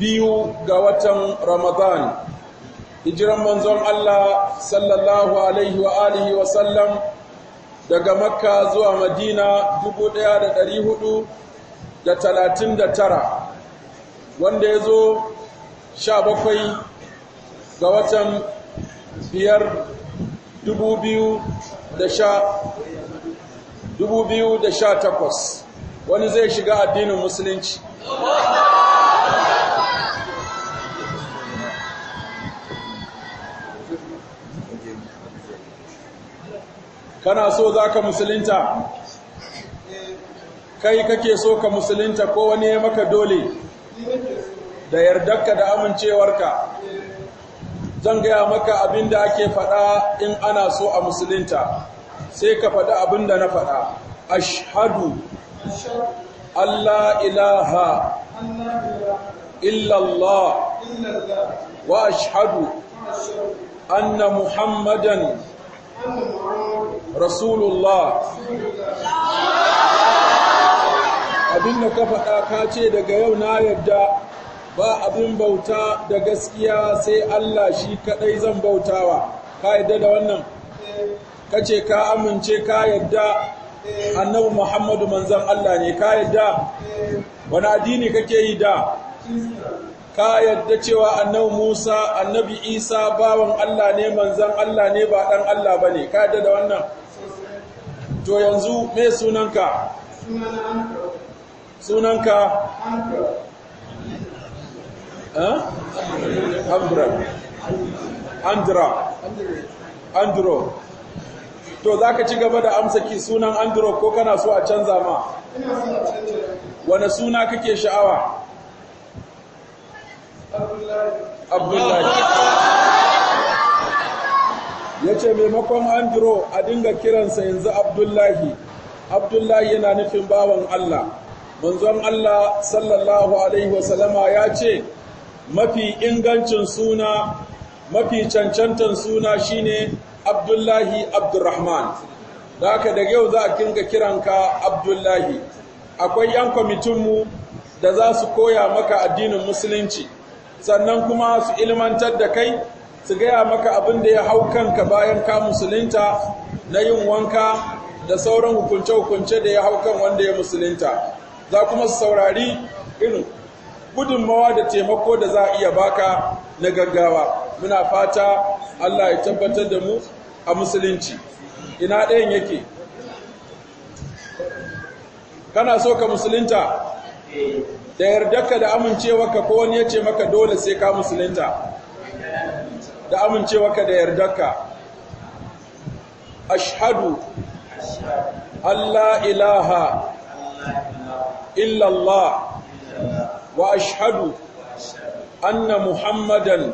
biyu ga watan Ramadan hijiran manzon Allah sallallahu alaihi wa alihi wa sallam daga Makka zuwa Madina 1439 wanda ya zo 17 ga watan biyar sha 2018 wani zai shiga addinin musulunci kana so za ka musulinta? kai kake so ka musulinta ko wani ya maka dole da yardarka da amincewarka zan gaya maka abin da ake faɗa in ana so a musulinta, sai ka faɗi abin da na faɗa ashadu Allah ilaha illallah wa ashadu anna muhammadan rasulullah abin da ka faɗa ka ce daga yau na yadda ba abin bauta da gaskiya sai Allah shi kaɗai zan bautawa ka yadda da wannan ka ce ka amince ka yadda annabi muhammadu manzan Allah ne ka yadda wani addini kake yi da ka yadda cewa annabi Musa annabi Isa bawan Allah ne manzan Allah ne ba dan Allah bane ka yadda da wannan to yanzu me sunanka sunanka Andra Andra Andro to zaka ci gaba da amsa ki sunan Andro ko kana so a canza ma wane suna kake sha'awa abdullahi ya ce maimakon andro a dinga kiransa yanzu abdullahi abdullahi yana nufin bawan allah manzon allah sallallahu alaihi wasallama ya ce mafi ingancin suna mafi cancantan suna shine abdullahi abdurrahman da daga yau za a kinga kiranka abdullahi akwai 'yan kwamitinmu da za su koya maka addinin musulunci sannan kuma su ilmantar da kai su gaya maka abin da ya hau kanka bayan ka musulunta na yin wanka da sauran hukunce-hukunce da ya hau kan wanda ya musulunta za kuma su saurari inu gudunmawa da taimako da za a iya baka na gaggawa muna fata Allah ya tabbatar da mu a musulunci ina ɗayan yake kana so ka musulunta da yardarka da amincewarka ko wani ya ce maka dole sai ka musulunta da amincewarka da yardarka Ashadu Allah ilaha illallah wa ashhadu anna muhammadan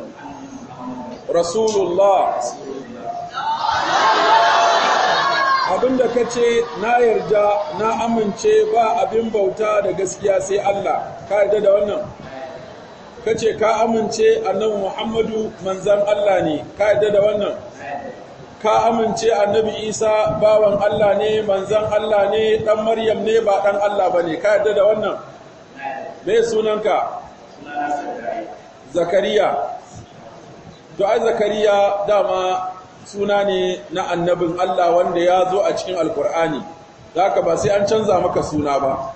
rasulullah abinda ka ce na yarda na amince ba abin bauta da gaskiya sai Allah ka yarda da wannan ka ce ka amince annabi Muhammadu manzan Allah ne ka yarda da wannan ka amince annabi Isa bawan Allah ne manzan Allah ne dan Maryam ne ba dan Allah bane ka yarda da wannan me sunanka Zakariya to ai Zakariya dama suna ne na annabin Allah wanda ya zo a cikin Alƙur'ani. Za ka ba sai an canza maka suna ba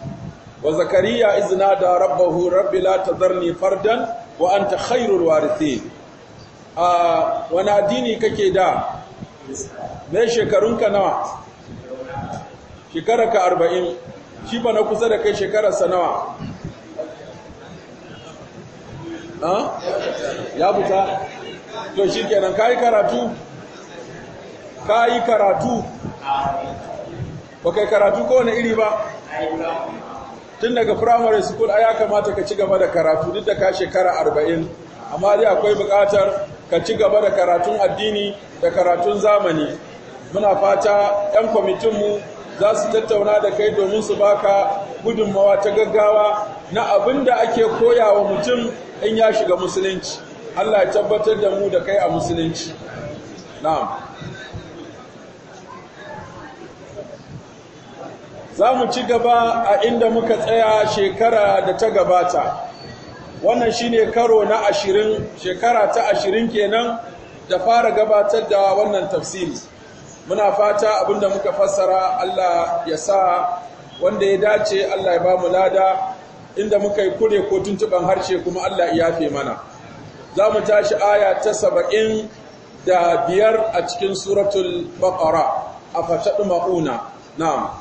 wa zakariya izina da rabbahu rabbi la tadharni fardan wa anta khairul warithin a wani addini kake da ne shekarunka nawa shekararka arba'in, shi ba na kusa da kai shekararsa nawa ya buta to shi kenan ka yi karatu ka yi karatu ba kai karatu ko wani iri ba tun daga firamare school a ya kamata ka ci gaba da karatu duk da ka shekara arba'in amma dai akwai bukatar ka ci gaba da karatun addini da karatun zamani muna fata 'yan kwamitinmu za su tattauna da kai domin su baka gudunmawa ta gaggawa na abin da ake koya wa mutum in ya shiga musulunci Allah ya tabbatar da mu da kai a musulunci na'am za mu ci gaba a inda muka tsaya shekara da ta gabata wannan shine karo na ashirin shekara ta ashirin kenan da fara gabatar da wannan tafsiri muna fata abinda muka fassara Allah ya sa wanda ya dace Allah ya ba mu lada inda muka yi kure ko tuntuban harshe kuma Allah ya yafe mana za mu tashi aya ta saba'in da biyar a cikin suratul baqara a fataɗi ma'una na'am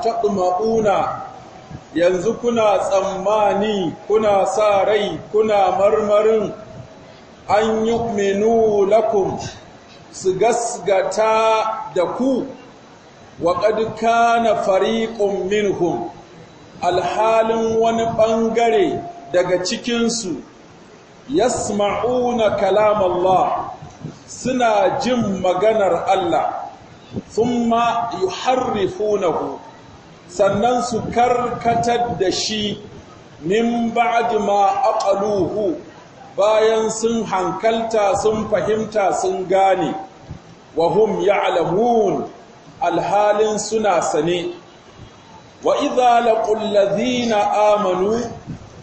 taɗma'una yanzu kuna tsammani kuna sa rai kuna marmarin an yi lakum su gasgata da ku wa ƙadka na fariƙun minhum alhalin wani ɓangare daga cikinsu yasma'una kalam kalamallah suna jin maganar Allah sun ma yi na yuharrifunahu sannan su karkatar da shi min ba ma aqaluhu bayan sun hankalta sun fahimta sun gane wa hum ya'lamun alhalin suna sane wa idza laqul ladhina amanu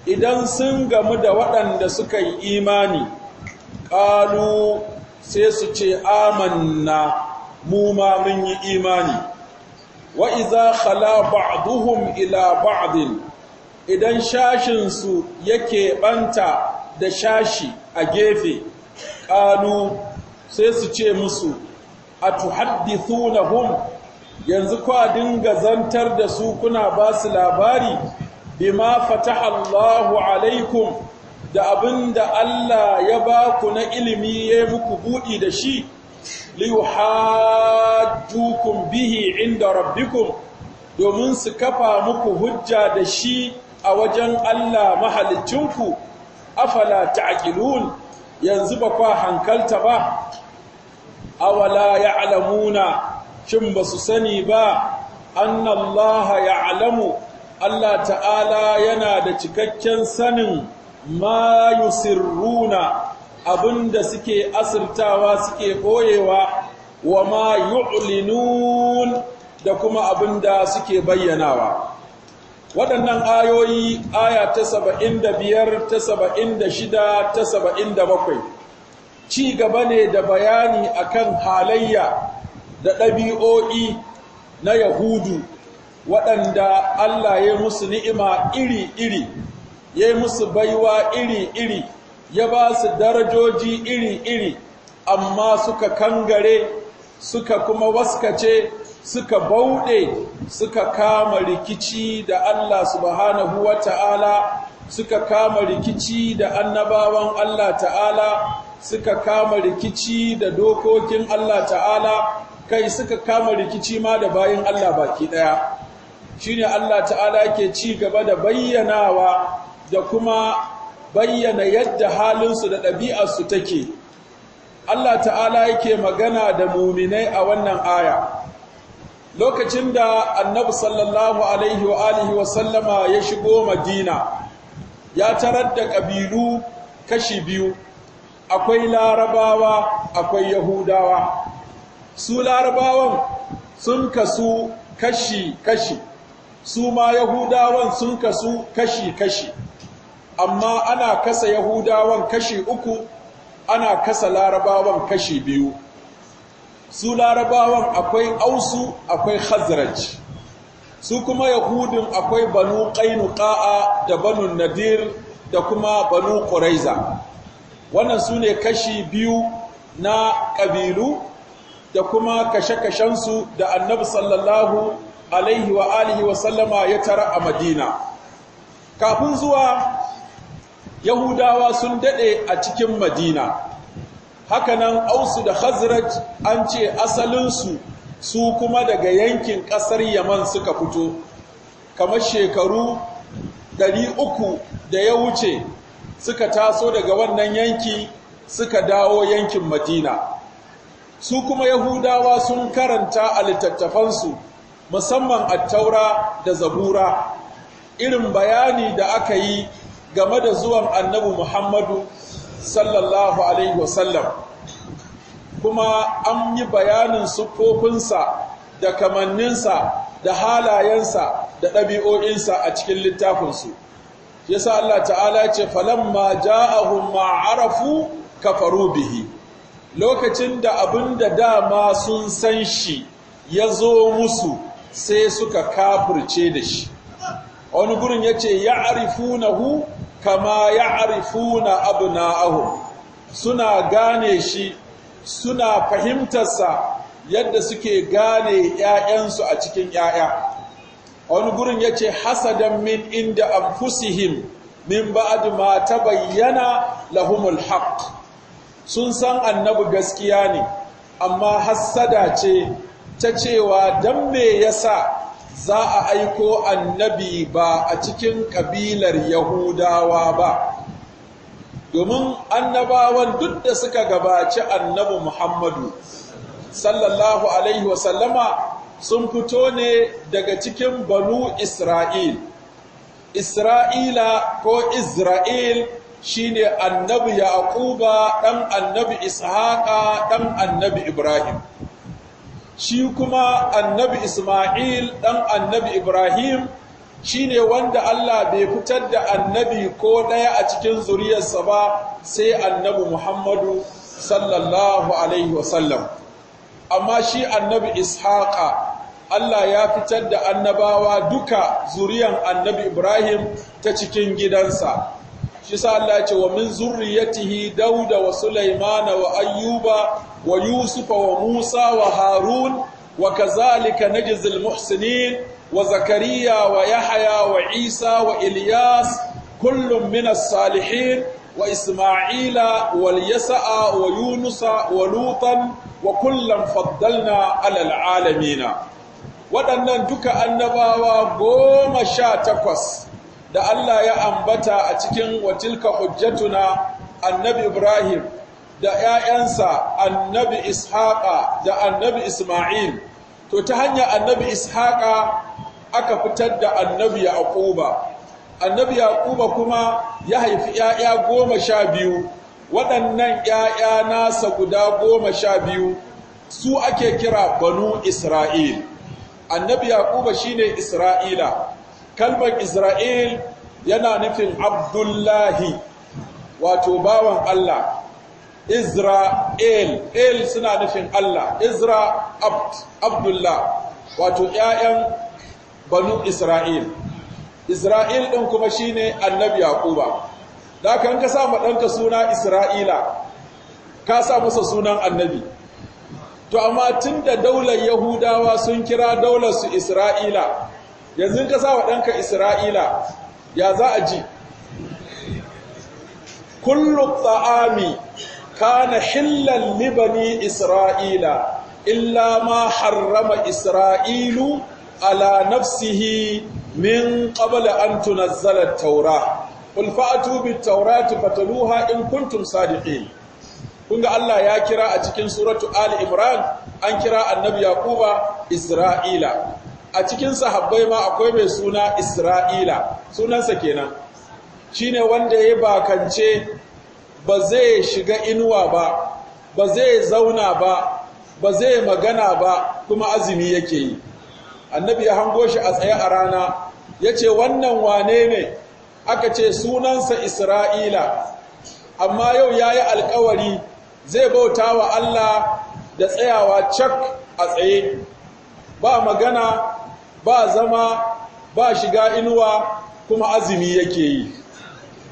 idan sun gamu da waɗanda suka yi imani ƙalu sai su ce amanna mu ma mun yi imani wa iza khala ba'duhum ila ba'd idan su yake banta da shashi a gefe ƙalu sai su ce musu a hum? yanzu kwa dinga zantar da su kuna ba su labari bima fataha Allahu alaikum da abinda Allah ya ba ku na ilimi ya muku buɗi da shi liyuhajjukum bihi inda rabbikum domin su kafa muku hujja da shi a wajen Allah mahalicinku afala ta'qilun yanzu ba kwa hankalta ba awala ya'lamuna shin ba su sani ba annallaha ya'lamu Allah ta'ala yana da cikakken sanin ma yusirruna abinda suke asirtawa suke boyewa wa ma yu'linun da kuma abinda suke bayyanawa waɗannan ayoyi aya ta saba'in da biyar ta saba'in da shida ta saba'in da bakwai ci gaba ne da bayani akan halayya da ɗabi'o'i na yahudu waɗanda Allah ya musu ni'ima iri-iri ya musu baiwa iri-iri ya ba su darajoji iri-iri amma suka kangare suka kuma waskace suka bauɗe suka kama rikici da Allah subhanahu wa ta'ala suka kama rikici da annabawan Allah ta'ala suka kama rikici da dokokin Allah ta'ala kai suka kama rikici ma da bayin Allah baki ɗaya shi ne Allah ta'ala ke ci gaba da bayyanawa da kuma bayyana yadda halinsu da ɗabi'arsu take Allah ta'ala yake magana da muminai a wannan aya lokacin da annabi sallallahu alaihi wa alihi wa sallama ya shigo madina ya tarar da ƙabilu kashi biyu akwai larabawa akwai yahudawa su larabawan sun kasu kashi-kashi su ma yahudawan sun kasu kashi-kashi amma ana kasa yahudawan kashi uku ana kasa larabawan kashi biyu su larabawan akwai ausu akwai khazraj su kuma yahudin akwai banu qainuqa'a da banu nadir da kuma banu quraiza wannan su ne kashi biyu na ƙabilu da kuma kashe-kashensu da annabi sallallahu alaihi wa alihi wa sallama ya tara a madina kafin zuwa yahudawa sun daɗe a cikin madina hakanan ausu da khazraj an ce asalinsu su kuma daga yankin ƙasar yaman suka fito kamar shekaru 300 da ya wuce suka taso daga wannan yanki suka dawo yankin madina su kuma yahudawa sun karanta a littattafansu musamman attaura da zabura irin bayani da aka yi game da zuwan annabi Muhammadu sallallahu alaihi wasallam kuma an yi bayanin siffofinsa da kamanninsa da halayensa da ɗabi'o'insa a cikin littafinsu yasa Allah ta'ala ce falamma ja'ahum ma'arafu kafaru bihi lokacin da abin da dama sun san shi ya zo musu sai suka kafirce da shi wani gurin ya ce ya hu? kama ya abu na abna'ahum suna gane shi suna fahimtarsa yadda suke gane ‘ya'yansu a cikin ‘ya'ya. wani gurin ya ce hasadan min inda amfusihim min ba'adu ma ta bayyana lahumul haq sun san annabi gaskiya ne amma hasada ce ta cewa don me yasa za a aiko annabi ba a cikin ƙabilar Yahudawa ba, domin annabawan duk da suka gabaci annabi Muhammadu, sallallahu Alaihi wasallama sun fito ne daga cikin banu Isra'il. Isra'ila ko Isra'il shine annabi Yaquba ɗan annabi Ishaqa ɗan annabi Ibrahim. shi kuma annabi Ismail ɗan annabi Ibrahim shi ne wanda Allah bai fitar da annabi ko ɗaya a cikin zuriyarsa ba sai annabi Muhammadu sallallahu Alaihi wasallam. Amma shi annabi Ishaqa Allah ya fitar da annabawa duka zuriyan annabi Ibrahim ta cikin gidansa. shi sa Allah ce wa min zurriyatihi dauda wa sulaimana wa ayyuba wa yusufa wa musa wa harun wa kazalika Najizil, muhsinin wa zakariya wa yahya wa isa wa ilyas kullum min as-salihin wa isma'ila wal yasa'a wa yunusa wa lutan wa kullum faddalna alal alamina waɗannan duka annabawa goma sha takwas da Allah ya ambata a cikin watilka hujjatuna annabi Ibrahim da ‘ya'yansa annabi Ishaƙa da annabi Ismail, to ta hanyar annabi Ishaƙa aka fitar da annabi yauba Annabi Yaƙuba kuma ya haifi ‘ya'ya goma sha biyu, waɗannan ‘ya'ya nasa guda goma sha biyu su ake kira Banu Isra'il. Annabi Yaƙuba shi ne Isra'ila. kalmar Isra'il yana nufin Abdullahi wato bawan Allah Isra'il il suna nufin Allah Isra Abdullah wato ‘ya'yan banu Isra'il Isra'il ɗin kuma shine annabi Yaquba da kan ka sa ɗanka suna Isra'ila ka sa masa sunan annabi to amma tun da daular Yahudawa sun kira daular su Isra'ila yanzu ka sa wa ɗanka isra'ila ya za a ji kullu ka kana hillan libani isra'ila illa ma harrama isra'ilu ala nafsihi min qabla an tunazzala at-taura qul fa'tu bit-taurati fataluha in kuntum Kun ga Allah ya kira a cikin suratu ali imran an kira annabi yaquba isra'ila a cikin sahabbai ma akwai mai suna Isra'ila sunansa kenan shi ne wanda ya bakance ba zai shiga inuwa ba ba zai zauna ba ba zai magana ba kuma azumi yake yi annabi ya hango shi a tsaye a rana ya ce wannan wane ne aka ce sunansa isra'ila amma yau ya yi alkawari zai bauta wa allah da tsayawa cak a tsaye ba magana ba zama ba shiga inuwa kuma azumi yake yi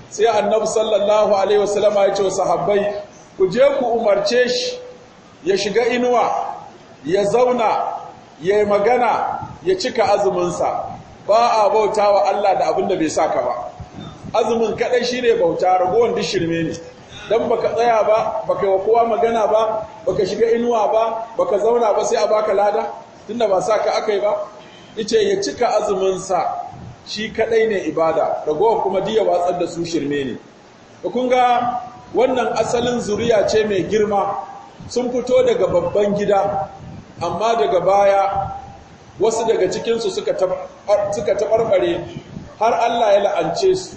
sai annabi sallallahu alaihi wasallama ya ce wa sahabbai ku je ku umarce shi ya shiga inuwa ya zauna ya yi magana ya cika azuminsa ba a bauta wa Allah da abin da bai sa ka ba azumin kaɗai shine ne bauta ragowar shirme ne don baka tsaya ba baka wa kowa magana ba baka shiga inuwa ba baka zauna ba sai a baka lada tunda ba sa ka aka yi ba ice ya cika azumin sa shi kadai ne ibada ragowa kuma diya watsar da su shirme ne kun ga wannan asalin zuriya ce mai girma sun fito daga babban gida amma daga baya wasu daga cikinsu suka taɓarɓare har Allah ya la'ance su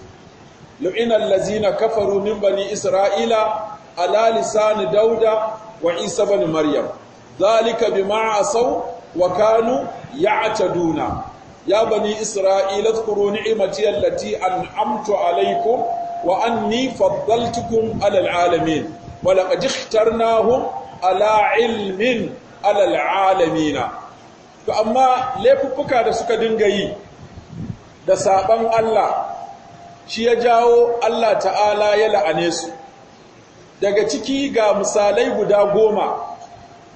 lu'inan lazina kafaru min bani isra'ila ala lisan dauda wa isa bani maryam zalika bima asau? wa kanu duna ya bani isra'ila zkuru ni'mati allati an'amtu alaykum wa anni faddaltukum 'ala al'alamin wa laqad ikhtarnahum 'ala 'ilmin 'ala al'alamin to amma laifuffuka da suka dinga yi da saban Allah shi ya jawo Allah ta'ala ya la'ane su daga ciki ga misalai guda goma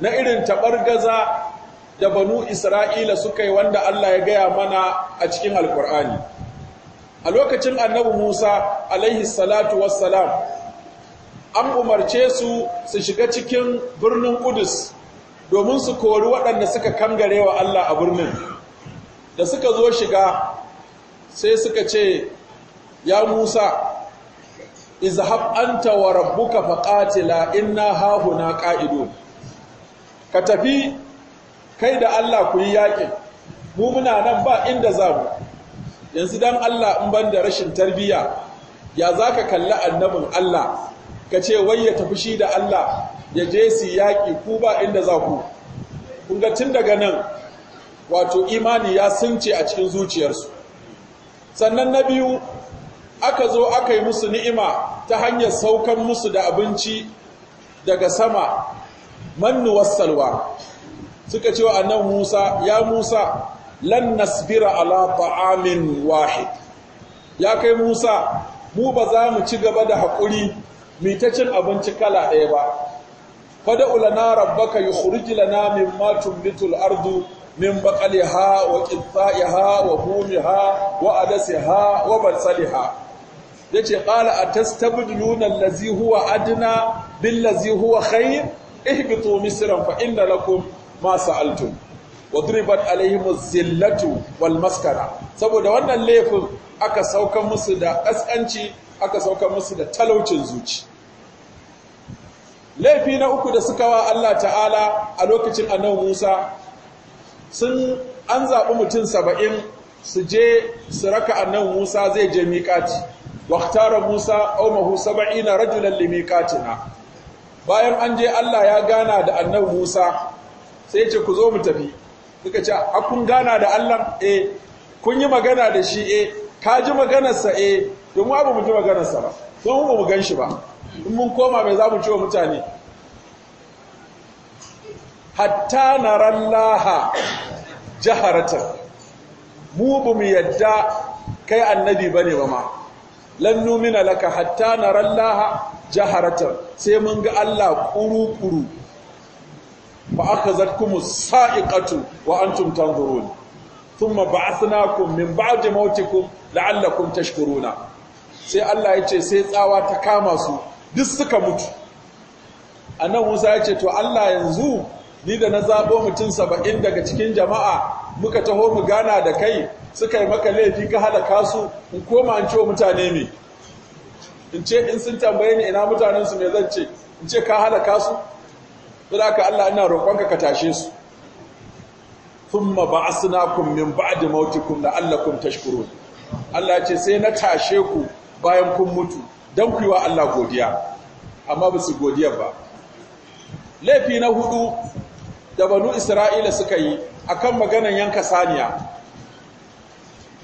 na irin taɓar gaza da banu isra'ila suka yi wanda Allah ya gaya mana a cikin alkur'ani a lokacin annabi musa alaihi salatu wassalam an umarce su su shiga cikin birnin kudus domin su kori waɗanda suka kangare wa Allah a birnin da suka zo shiga sai suka ce ya musa izhab anta wa rabbuka faqatila inna hahuna qa'idun ka tafi kai da Allah ku yi yaƙin mu muna nan ba inda za mu yanzu dan Allah in ban da rashin tarbiyya ya za ka kalli annabin Allah ka ce wai ya tafi shi da Allah ya je su yaƙi ku ba inda za ku kun tun daga nan wato imani ya sunce a cikin zuciyarsu sannan na biyu aka zo aka yi musu ni'ima ta hanyar saukan musu da abinci daga sama mannu wassalwa suka ce wa annan Musa ya Musa lan nasbira ala ta'amin wahid ya kai Musa mu ba za mu ci gaba da haƙuri mu ta cin abinci kala ɗaya ba fada ulana rabbaka yukhrij lana mimma tumbitul ardu min baqaliha wa qithaiha wa humiha wa adasiha wa balsaliha yace qala atastabdiluna allazi huwa adna billazi huwa khayr ihbitu misran fa inna lakum ma sa'altum wadribat alaihim zillatu wal maskara saboda wannan laifin aka sauka musu da kaskanci aka sauka musu da talaucin zuci laifi na uku da suka wa Allah ta'ala a lokacin annabi Musa sun an zaɓi mutum saba'in su je su raka annabi Musa zai je miƙati waqtara Musa qaumahu 70 rajulan limiqatina bayan an je Allah ya gana da annan Musa sai ce ku zo mu tafi suka ce a kun gana da Allah eh kun yi magana da shi eh ka ji maganarsa eh domin abu mu maganarsa ba don mu mu gan shi ba in mun koma mai za mu ciwo wa mutane hatta narallaha jaharatar mu bu mu yadda kai annabi ba ne ba ma lan numina laka hatta narallaha jaharatar sai mun ga Allah kuru kuru fa akhazatkum as-sa'iqatu wa antum tanzurun thumma ba'athnakum min ba'di mautikum sai Allah ya ce sai tsawa ta kama su duk suka mutu nan Musa yace to Allah yanzu ni da na zaɓo mutum saba'in daga cikin jama'a muka taho mu gana da kai suka yi maka laifi ka halaka su in koma in ce mutane me in ce in sun tambaye ni ina mutanensu me zan ce in ce ka halaka su saboda Allah ina roƙonka ka tashe su suna kun min a dimauti kun da Allah ce sai na tashe ku bayan kun mutu don ku yi wa Allah godiya amma ba su godiya ba laifi na hudu da banu Isra'ila suka yi a kan maganan yanka saniya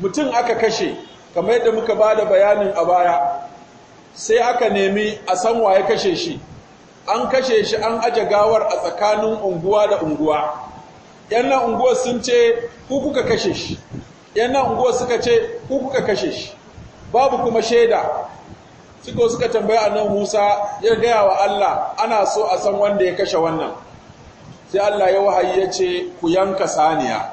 mutum aka kashe kamar yadda muka ba da bayanin a baya sai aka nemi a san waye kashe shi an kashe shi an aje gawar a tsakanin unguwa da unguwa yan nan unguwa sun ce ku kuka kashe shi yan nan unguwa suka ce ku kuka kashe shi babu kuma shaida suka suka tambaya annan Musa ya gaya wa Allah ana so a san wanda ya kashe wannan sai Allah ya wahayi ya ce ku yanka saniya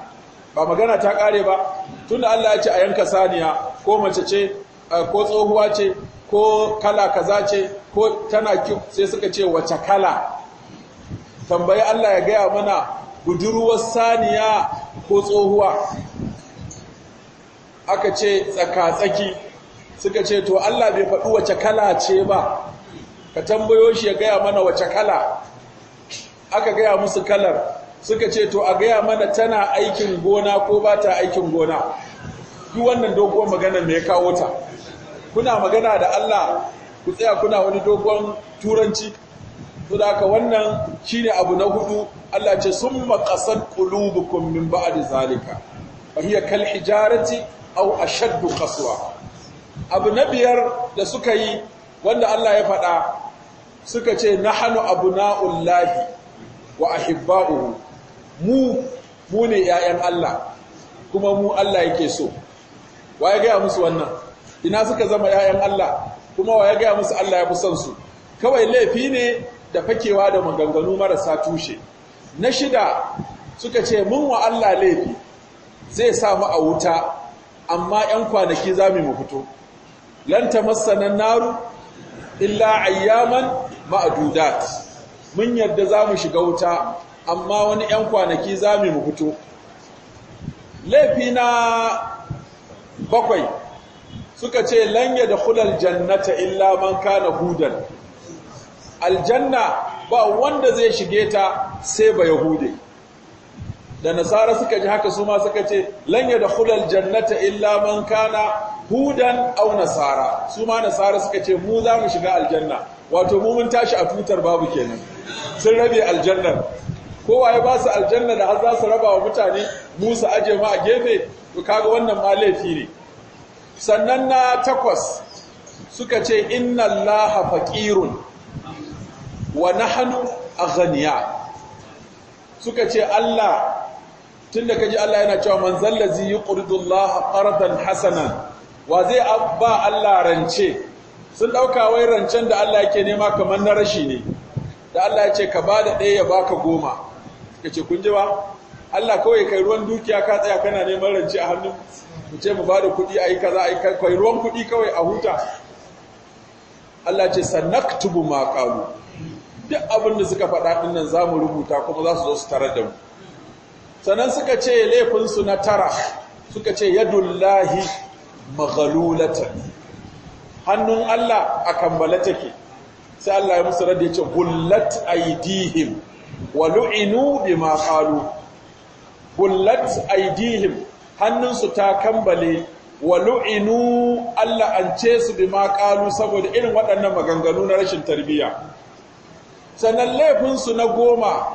ba magana ta kare ba tunda Allah ya ce a yanka saniya ko mace ce ko tsohuwa ce ko kala kaza ce ko tana kyau sai suka ce wace kala tambayi Allah ya gaya mana budurwar saniya ko tsohuwa aka ce tsaka suka ce to Allah bai faɗi wace kala ce ba ka tambayo shi ya gaya mana wace kala aka gaya musu kalar suka ce to a gaya mana tana aikin gona ko ba ta aikin gona duk wannan doguwar magana mai kawo ta kuna magana da Allah ku tsaya kuna wani dogon turanci to da ka wannan shine abu na hudu Allah ce summa qasad qulubukum min ba'di zalika fa hiya kal hijarati aw ashadd qaswa abu na biyar da suka yi wanda Allah ya faɗa suka ce nahnu lahi wa ahibba'uhu mu mu ne 'ya'yan Allah kuma mu Allah yake so Wa ya ga musu wannan ina suka zama ‘ya'yan Allah kuma wa ya gaya musu Allah ya fi son su kawai laifi ne da fakewa da maganganu marasa tushe na shida suka ce mun wa Allah laifi zai sa mu a wuta amma ‘yan kwanaki za mu fito lanta masanan naru illa ayyaman ma'adudat mun yarda za mu shiga wuta amma wani ‘yan kwanaki za mu fito laifi na bakwai suka ce lanya da hulal jannata illa man kana hudan aljanna ba wanda zai shige ta sai ba yahude da nasara suka ji haka su ma suka ce lanye da hulal jannata illa man kana hudan au nasara su ma nasara suka ce mu za mu shiga aljanna wato mu mun tashi a tutar babu kenan sun rabe aljannar kowa ya ba su aljanna da har za su raba wa mutane mu su aje ma a gefe to kaga wannan ma laifi ne sannan na takwas suka ce inna allaha faqirun wa 'A aghniya suka ce Allah tunda kaji Allah yana cewa man zallazi yuqridu allaha qardan hasanan wa zai ba Allah rance sun ɗauka, wai rancen da Allah yake nema kamar na rashi ne da Allah ya ce ka bada ɗaya ya baka goma kace kun ji ba Allah kawai kai ruwan dukiya ka tsaya kana neman rance a hannun ku ce mu ba da kuɗi a yi kaza a yi kai ruwan kuɗi kawai a huta Allah ce tubu ma qalu duk abin da suka faɗa din nan mu rubuta kuma za su zo su tarar da mu Sannan suka ce laifin su na tara suka ce yadullahi maghlulatan hannun Allah a kammala take sai Allah ya musu rada yace gullat aidihim wa lu'inu bima qalu gullat aidihim hannunsu ta kambale wa lu'inu Allah an ce su bi ma saboda irin waɗannan maganganu na rashin tarbiyya sannan laifinsu na goma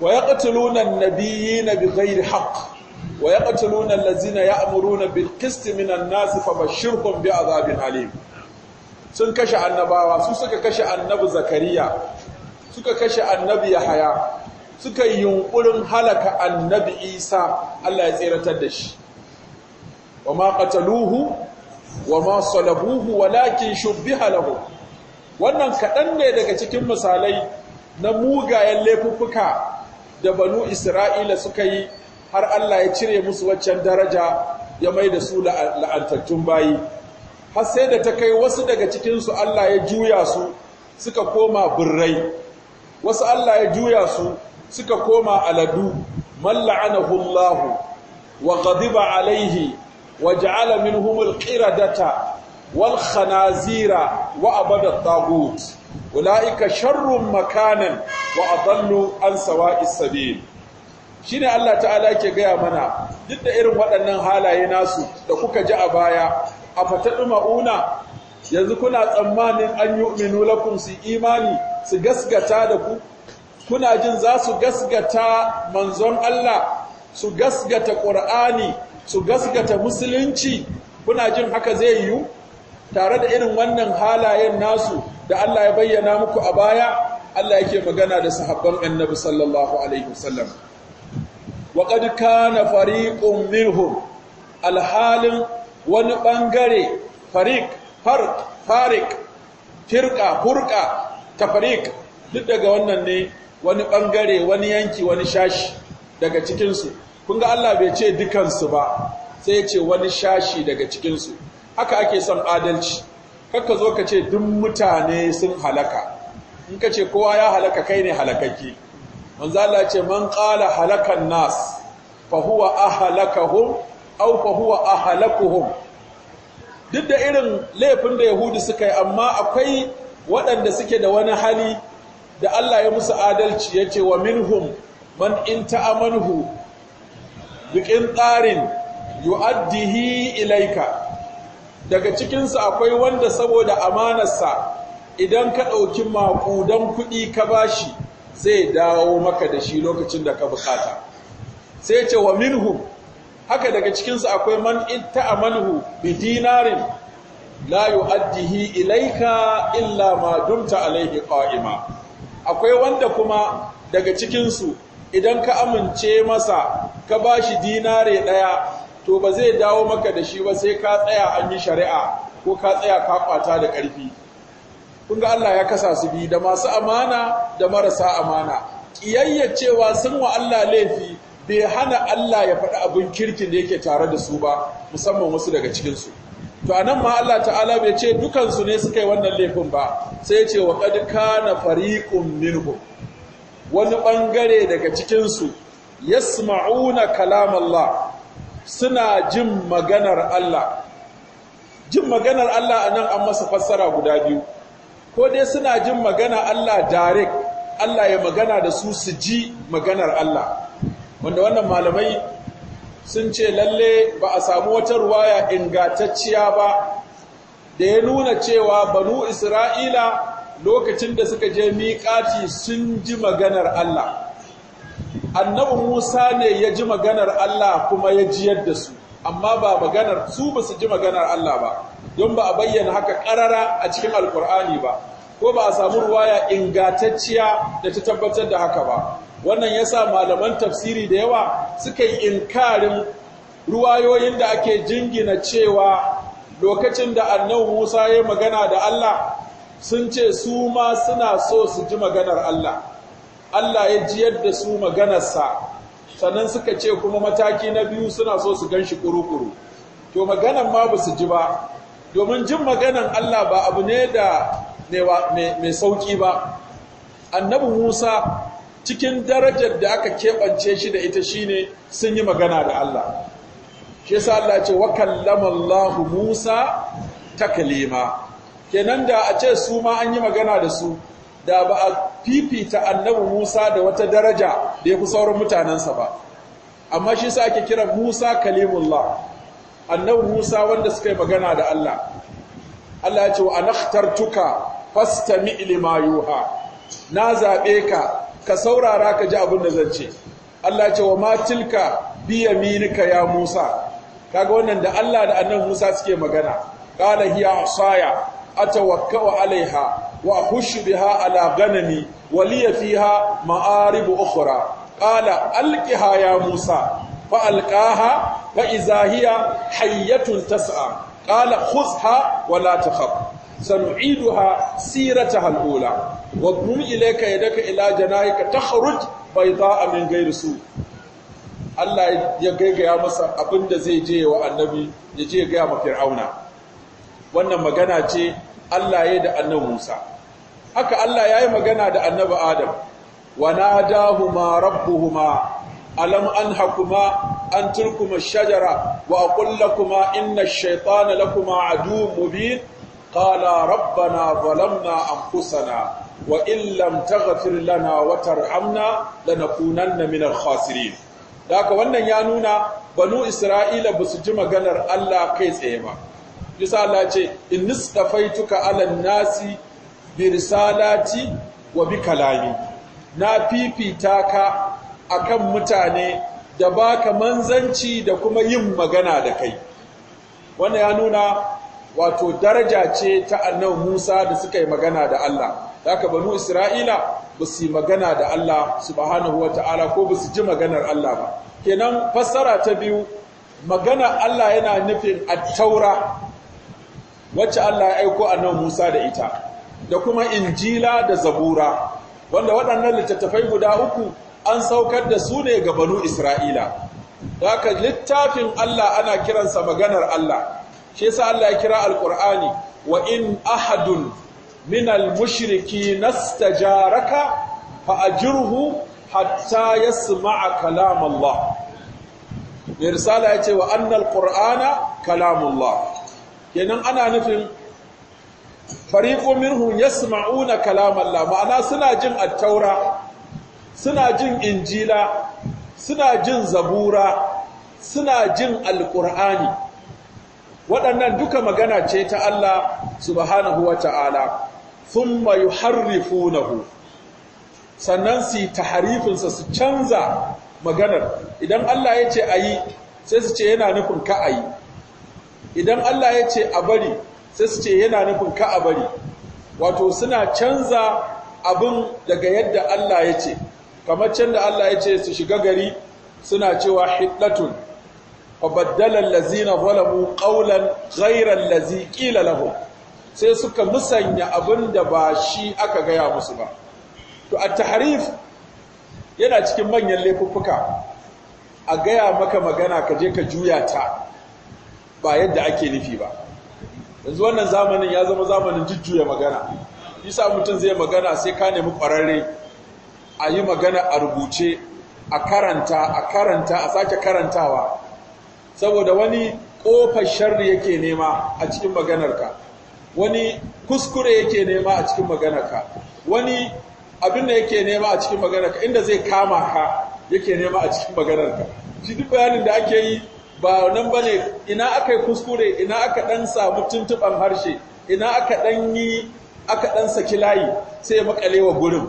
wa ya ƙatulunan nabiyyi na bi gairi haƙ wa ya ƙatulunan lazina ya amuruna bil kisti minan nasu fa bashirkun bi azabin alim sun kashe annabawa su suka kashe annabi zakariya suka kashe annabi yahaya suka yi yunkurin halaka annabi isa allah ya tseratar da shi wa ma kataluhu wa ma salabuhu walakin shubbi lahu wannan kaɗan ne daga cikin misalai na mugayen laifuffuka da banu isra'ila suka yi har allah ya cire musu waccan daraja ya mai da su la'antattun bayi har sai da ta kai wasu daga cikinsu allah ya juya su suka koma birrai wasu allah ya juya su suka koma aladu malla'anahu wa ghadiba alaihi wa ja'ala minhum alqiradata wal khanazira wa abada tagut ulaika sharrun makanan wa adallu an sawa'is sabil shine Allah ta'ala ke gaya mana duk da irin waɗannan halaye nasu da kuka ji a baya a fatadu ma'una yanzu kuna tsammanin an yu'minu lakum su imani su gaskata da ku kuna jin za su gasgata manzon Allah su gasgata ƙur'ani su gasgata musulunci kuna jin haka zai yiwu tare da irin wannan halayen nasu da Allah ya bayyana muku a baya Allah yake magana da sahabban annabi sallallahu alaihi wasallam wa qad kana fariqun minhum alhalin wani ɓangare fariq farq fariq firqa furqa tafariq duk daga wannan ne wani ɓangare, wani yanki wani shashi daga cikinsu kun ga Allah bai ce dukansu ba sai ce wani shashi daga cikinsu haka ake son adalci kakka zo ka ce duk mutane sun halaka in ka ce kowa ya halaka kai ne halakaki manzo Allah ce man qala halakan nas fa huwa ahlakahum aw fa huwa ahlakuhum duk da irin laifin da yahudi suka yi amma akwai waɗanda suke da wani hali da Allah ya musu adalci ya ce wa minhum man in ta'amanhu bikin tsarin yu'addihi ilaika daga cikinsu akwai wanda saboda amanarsa idan ka ɗauki maƙudan kuɗi ka bashi zai dawo maka da shi lokacin da ka bukata sai ce wa minhum haka daga cikinsu akwai man in ta'amanhu bi dinarin la yu'addihi ilaika illa ma dumta alaihi qa'ima akwai wanda kuma daga cikinsu idan ka amince masa ka ba shi dinare ɗaya to ba zai dawo maka da shi ba sai ka tsaya an yi shari'a ko ka tsaya ka kwata da ƙarfi kun ga Allah ya kasa su bi da masu amana da marasa amana Ƙiyayyacewa sun wa Allah laifi bai hana Allah ya faɗi abin kirkin da yake tare da su ba musamman wasu daga cikinsu to anan ma Allah ta'ala bai ce dukansu ne suka yi wannan laifin ba sai ce wa qad kana fariqun minhum wani bangare daga cikin su yasma'una kalam Allah suna jin maganar Allah jin maganar Allah anan an masa fassara guda biyu ko dai suna jin magana Allah direct Allah ya magana da su su ji maganar Allah wanda wannan malamai sun ce lalle ba a samu wata ruwaya ingantacciya ba da ya nuna cewa banu isra'ila lokacin da suka je miƙati sun ji maganar Allah annabi Musa ne ya ji maganar Allah kuma ya ji yadda su amma ba maganar su ba su ji maganar Allah ba don ba a bayyana haka ƙarara a cikin alkur'ani ba ko ba a samu ruwaya ingantacciya da ta tabbatar da haka ba wannan ya sa malaman tafsiri da yawa suka yi inkarin ruwayoyin da ake jingina cewa lokacin da annan Musa ya magana da Allah sun ce su ma suna so su ji maganar Allah Allah ya ji yadda su maganarsa sannan suka ce kuma mataki na biyu suna so su gan shi kurukuru to maganan ma ba su ji ba domin jin maganan Allah ba abu ne da mai sauƙi ba annabi Musa cikin darajar da aka keɓance shi da ita shine sun yi magana da Allah shi sa Allah ce wa kallama Allah Musa Kalima. kenan da a ce su ma an yi magana da su da ba a fifita annabi Musa da wata daraja da ya fi sauran mutanensa ba amma shi sa ake kira Musa kalimullah annabi Musa wanda suka yi magana da Allah Allah ya ce wa anakhtartuka fastami' lima yuha na zaɓe ka ka saurara ka ji abin da zan ce Allah ce wa ma tilka bi yaminika ya Musa kaga wannan da Allah da annabi Musa suke magana qala hiya asaya atawakkau alaiha wa ahushu biha ala ganami wa li fiha ma'arib ukhra qala alqiha ya Musa fa alqaha fa iza hiya hayyatun tas'a qala khuzha wa la takhaf سنعيدها سيرتها الأولى واضم إليك يدك إلى جناحك تخرج بيضاء من غير سوء Allah ya gaigaya masa abin da zai je wa annabi ya je gaya ma fir'auna wannan magana ce Allah ya da annabi Musa haka Allah ya yi magana da annabi Adam wa nadahuma rabbuhuma alam anhakuma an turkuma shajara wa aqul lakuma inna ash-shaytana lakuma aduwwun mubin قال ربنا ظلمنا أنفسنا وإن لم تغفر لنا وترحمنا لنكونن من الخاسرين daka wannan ya nuna banu isra'ila basu ji maganar Allah kai tsaye ba yasa Allah ce in nistafaituka alan nasi bi risalati wa bi kalami na fifita ka akan mutane da baka manzanci da kuma yin magana da kai wannan ya nuna wato daraja ce ta annan Musa da suka yi magana da Allah haka banu Isra'ila ba su yi magana da Allah subhanahu ta'ala ko ba su ji maganar Allah ba kenan fassara ta biyu magana Allah yana nufin a taura wacce Allah ya aiko annan Musa da ita da kuma injila da zabura wanda waɗannan littattafai guda uku an saukar da su ne ga banu Isra'ila haka littafin Allah ana kiransa maganar Allah shi yasa Allah ya kira alqur'ani wa in ahadun min mushriki nastajaraka fa ajruhu hatta yasma'a kalam Allah mai risala ya ce wa annal qur'ana kalamullah kenan ana nufin fariqu minhum yasma'una kalamallah ma'ana suna jin at-taura suna jin injila suna jin zabura suna jin alqur'ani waɗannan duka magana ce ta Allah subhanahu wa ta'ala na hu sannan su harifinsa su canza maganar idan Allah ya ce ayi sai su ce yana nufin ka ayi idan Allah ya ce a bari sai su ce yana nufin ka a bari wato suna canza abin daga yadda Allah ya ce kamar can da Allah ya ce su shiga gari suna cewa hitlatun وبدل الذين ظلموا ƙaulan غير lazi ƙila لهم sai suka musanya abinda ba shi aka gaya musu ba to a tahrif yana cikin manyan laifuffuka a gaya maka magana ka je ka juya ta ba yadda ake nufi ba yanzu wannan zamanin ya zama zamanin jujjuya magana Yasa mutum zai magana sai ka nemi kwararre a yi magana a rubuce a karanta a karanta a sake karantawa saboda wani ƙofar sharri yake nema a cikin maganarka wani kuskure yake nema a cikin maganarka wani abin da yake nema a cikin maganarka inda zai kama ka yake nema a cikin maganarka shi duk bayanin da ake yi ba nan bane ina aka yi kuskure ina aka ɗan samu tuntuban harshe ina aka ɗan yi aka ɗan saki layi sai ya makalewa gurin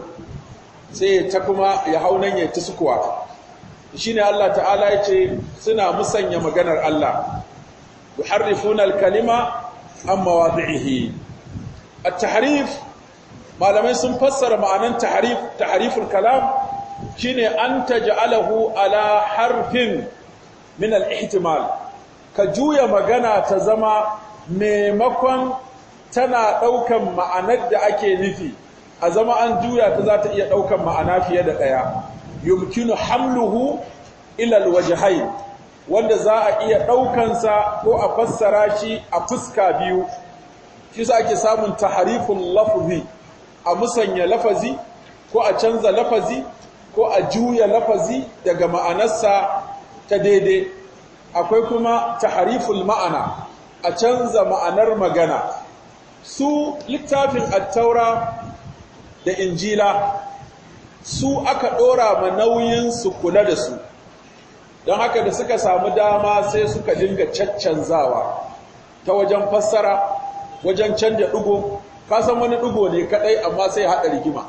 sai ta kuma ya hau nan ya ta sukuwa shine Allah ta'ala yace suna musanya maganar Allah yuharrifuna al-kalima an mawadhihi at-tahrif malamai sun fassara ma'anan tahrif tahriful kalam shine an taj'alahu ala harfin min al-ihtimal ka juya magana ta zama maimakon tana daukan ma'anar da ake nufi a zama an juya ta za ta iya daukan ma'ana fiye da daya yumkinu hamluhu ila alwajhayn wanda za a iya ɗaukansa ko a fassara shi a fuska biyu shi sa ake samun taharifin lafzi a musanya lafazi ko a canza lafazi ko a juya lafazi daga ma'anarsa ta daidai akwai kuma tahariful ma'ana a canza ma'anar magana su littafin attaura da injila su aka ɗora ma nauyin kula da su don haka da suka samu dama sai suka dinga caccanzawa ta wajen fassara wajen canja ɗugo kasan wani ɗugo ne kaɗai amma sai haɗa rigima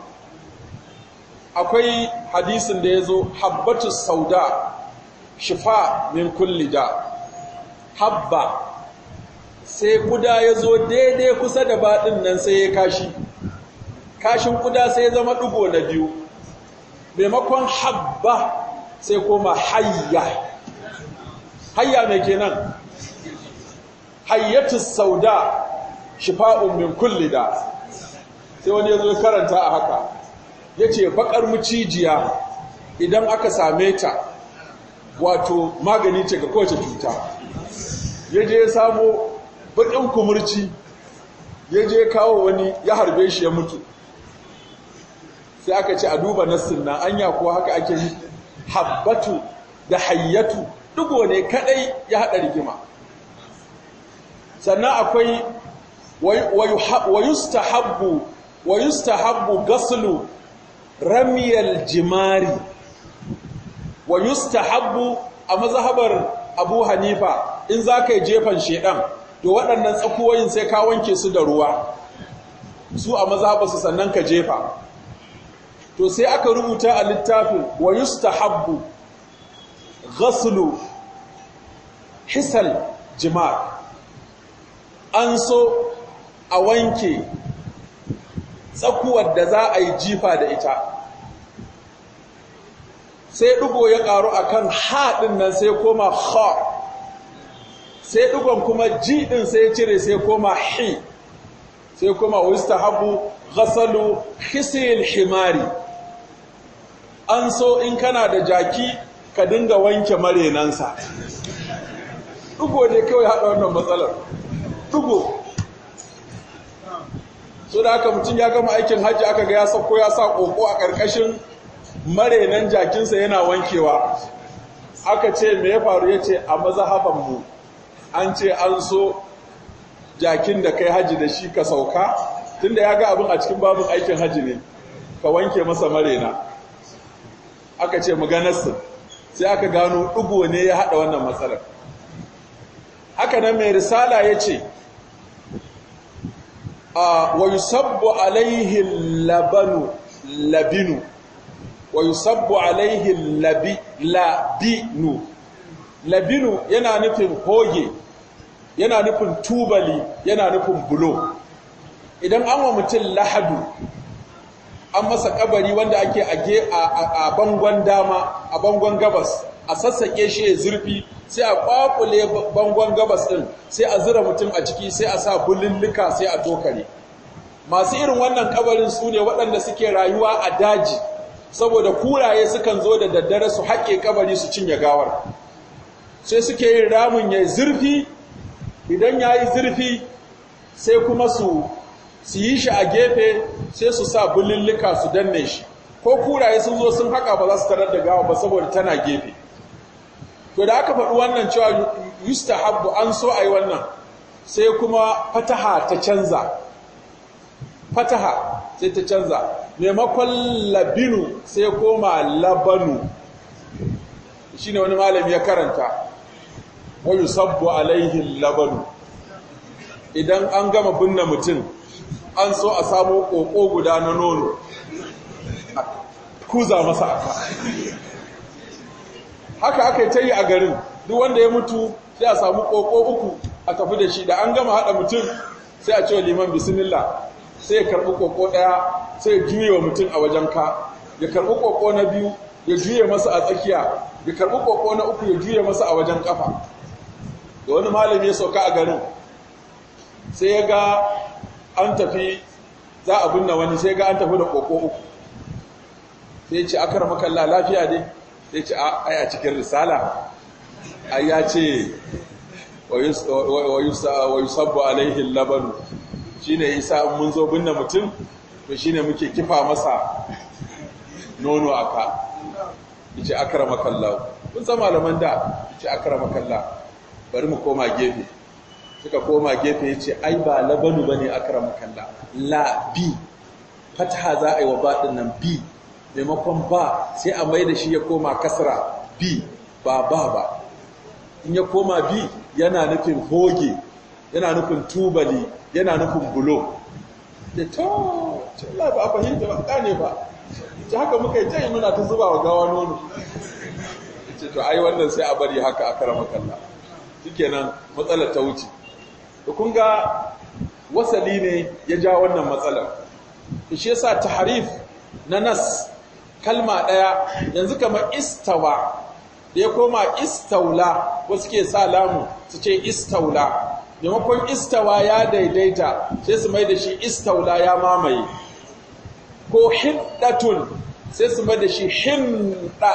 akwai hadisin da ya zo habbatu sauda shifa min kulli da habba sai kuda ya zo daidai kusa da baɗin nan sai ya kashi kashin kuda sai ya zama ɗugo na biyu maimakon habba sai koma hayya hayya mai kenan hayyatu sauda shifa'un min kulli da sai wani yanzu karanta a haka Ya ce baƙar mucijiya idan aka same ta wato magani ce ga kowace cuta yaje ya samo bakin kumurci ya yaje kawo wani ya harbe shi ya mutu sai aka ce a duba nassin na anya ko haka ake yi habbatu da hayyatu dugo ne kadai ya hada rigima sannan akwai wayustahabbu wayustahabbu gaslu ramiyal jimari wayustahabbu a mazhabar Abu Hanifa in zaka yi jefan shedan to waɗannan tsakuwoyin sai ka wanke su da ruwa su a su sannan ka jefa to sai aka rubuta a littafin wa yustahabbu ghaslu hisal jima'a an so a wanke tsakuwar da za a yi jifa da ita sai ɗigo ya ƙaru a kan haɗin nan sai koma ha sai ɗigon kuma ji ɗin sai cire sai koma hi sai koma wista habu ghasalu hisil himari an so in kana da jaki ka dinga wanke marenansa dugo ne kawai haɗa wannan matsalar dugo so da haka mutum ya gama aikin hajji aka ga ya sako ya sa ƙoƙo a ƙarƙashin marenan jakinsa yana wankewa aka ce me ya faru ya ce a mazahafanmu an ce an so jakin da kai hajji da shi ka sauka tunda ya ga abin a cikin babin aikin hajji ne ka wanke masa marena aka ce maganarsa sai aka gano ɗugo ne ya haɗa wannan matsalar haka nan mai risala ya ce wayu sabbo alaihi labanu labinu wayu sabbo alaihi labinu labinu yana nufin hoge yana nufin tubali yana nufin bulo idan an wa mutum lahadu an masa kabari wanda ake a bangon dama a bangon gabas a sassaƙe shi ya zurfi sai a ƙwaƙule bangon gabas ɗin sai a zura mutum a ciki sai a sa bululluka sai a tokare masu irin wannan kabarin su ne waɗanda suke rayuwa a daji saboda kuraye sukan zo da daddare su haƙe kabari su cinye gawar sai suke yin ramin ya zurfi idan ya yi zurfi sai kuma su su yi shi a gefe sai su sa bulillika su danne shi ko kuraye sun zo sun haka ba za su tarar da gawa ba saboda tana gefe to da aka faɗi wannan cewa yustahabbu an so a yi wannan sai kuma fataha ta canza fataha sai ta canza maimakon labinu sai koma labanu shi ne wani malami ya karanta wani sabbu alaihin labanu idan an gama binne mutum an so a samu ƙoƙo guda na nono a kuza masa aka haka aka ta yi a garin duk wanda ya mutu sai a samu ƙoƙo uku a tafi da shi da an gama haɗa mutum sai a cewa liman bisimila sai ya karɓi ƙoƙo ɗaya sai ya juye wa mutum a wajen ka ya karɓi ƙoƙo na biyu ya juye masa a tsakiya ya karɓi ƙoƙo na uku ya juye masa a wajen ƙafa da wani malami ya sauka a garin sai ya ga an tafi za a binne wani sai ga an tafi da koko uku sai ce akar makalla lafiya ne sai ce a a cikin risala ai ya ce wa yusabbu alaihi ne shine yasa mun zo binne mutum to shine muke kifa masa nono aka yace akramaka Allah kun san malaman da aka akramaka kalla bari mu koma gefe suka koma gefe ya ce ai ba labanu ba ne akram makalla. la bi fataha za a yi wa baɗin nan bi maimakon ba sai a mai da shi ya koma kasara bi ba ba ba in ya koma bi yana nufin hoge yana nufin tubali yana nufin bulo da to cilla ba a fahimta ba ne ba ta haka muka yi jayi muna ta zuba wa gawa nono ce to ai wannan sai a bari haka a makalla. kalla kenan matsalar ta wuce da kun ga wasali ne ya ja wannan matsalar shi yasa harif na nas kalma ɗaya yanzu kamar istawa da ya koma istaula wasu ke sa lamu su ce istaula maimakon istawa ya daidaita sai su mai da shi istaula ya mamaye ko hiddatun sai su mai da shi hinda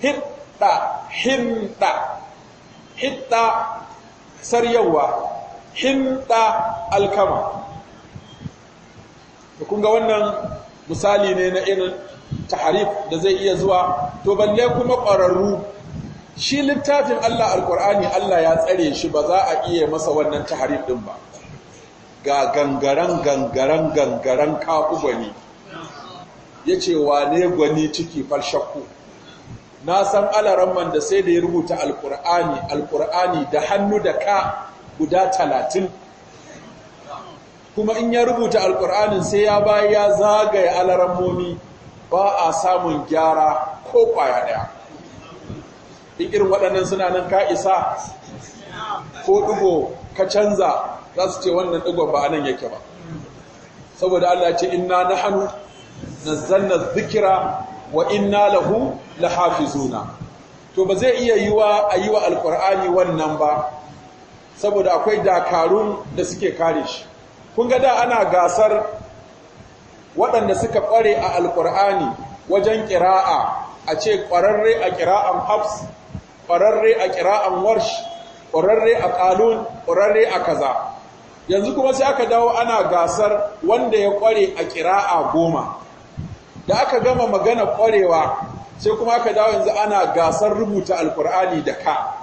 hidda hinda hidda saryawa hinda alkama kun ga wannan misali ne na irin taharif da zai iya zuwa to balle kuma ƙwararru shi littafin Allah alƙur'ani Allah ya tsare shi ba za a iya masa wannan taharif ɗin ba ga gangaren gangaren gangaren kaku gwani ya ce wane gwani ciki falshakku na san alaramman da sai da ya rubuta alƙur'ani alƙur'ani da hannu da ka guda talatin kuma in ya rubuta alƙur'anin sai ya baya ya zagaye alarammomi ba a samun gyara ko ƙwaya ɗaya in irin waɗannan suna nan ka isa ko ɗigo ka canza za su ce wannan ɗigon ba a nan yake ba saboda Allah ce inna na hannu na zanna zikira wa inna lahu hafi lahafizuna to ba zai iya yi wa a yi wa alƙur'ani wannan ba saboda akwai dakarun da suke kare shi kun ga da ana gasar waɗanda suka ƙware a alƙur'ani wajen ƙira'a a ce ƙwararre a ƙira'an hafs ƙwararre a ƙira'an warsh ƙwararre a ƙalun ƙwararre a kaza yanzu kuma sai aka dawo ana gasar wanda ya ƙware a ƙira'a goma da aka gama magana ƙwarewa sai kuma aka dawo yanzu ana gasar rubuta alƙur'ani da ka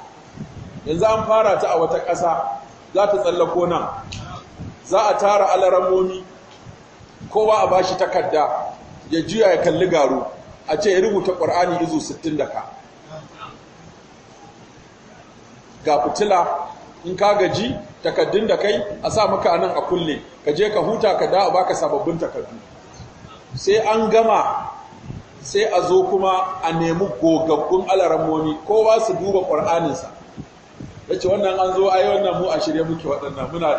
yanzu an fara ta a wata ƙasa za ta tsallako nan za a tara alaramomi kowa a bashi takarda ya juya ya kalli garu a ce ya rubuta ƙwar'ani izu 60 da ga fitila in ka gaji takardun da kai a sa maka nan a kulle ka je ka huta ka da a baka sababbin takardu. sai an gama sai a zo kuma a nemi gogaggun alaramomi kowa su duba ƙwar'aninsa ya ce wannan an zo yi wannan mu a shirya muke waɗannan muna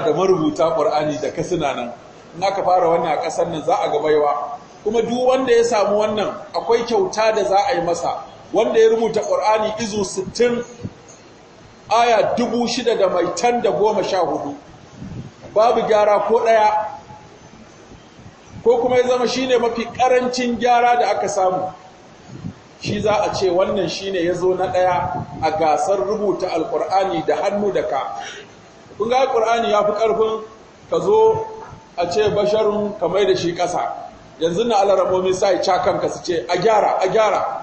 da marubuta ƙwar'ani da kasina nan in aka fara wannan a ƙasar nan za a ga baiwa kuma duk wanda ya samu wannan akwai kyauta da za a yi masa wanda ya rubuta ƙwar'ani izu 60 aya 6,014 babu gyara ko ɗaya ko kuma ya zama shine mafi ƙarancin gyara da aka samu shi za a ce wannan shi ne ya zo na ɗaya a gasar rubuta alƙur'ani da hannu da ka kun ga alƙur'ani ya fi ƙarfin ka zo a ce basharun ka mai da shi ƙasa yanzu na alarabomi sa ya ca kanka su ce a gyara a gyara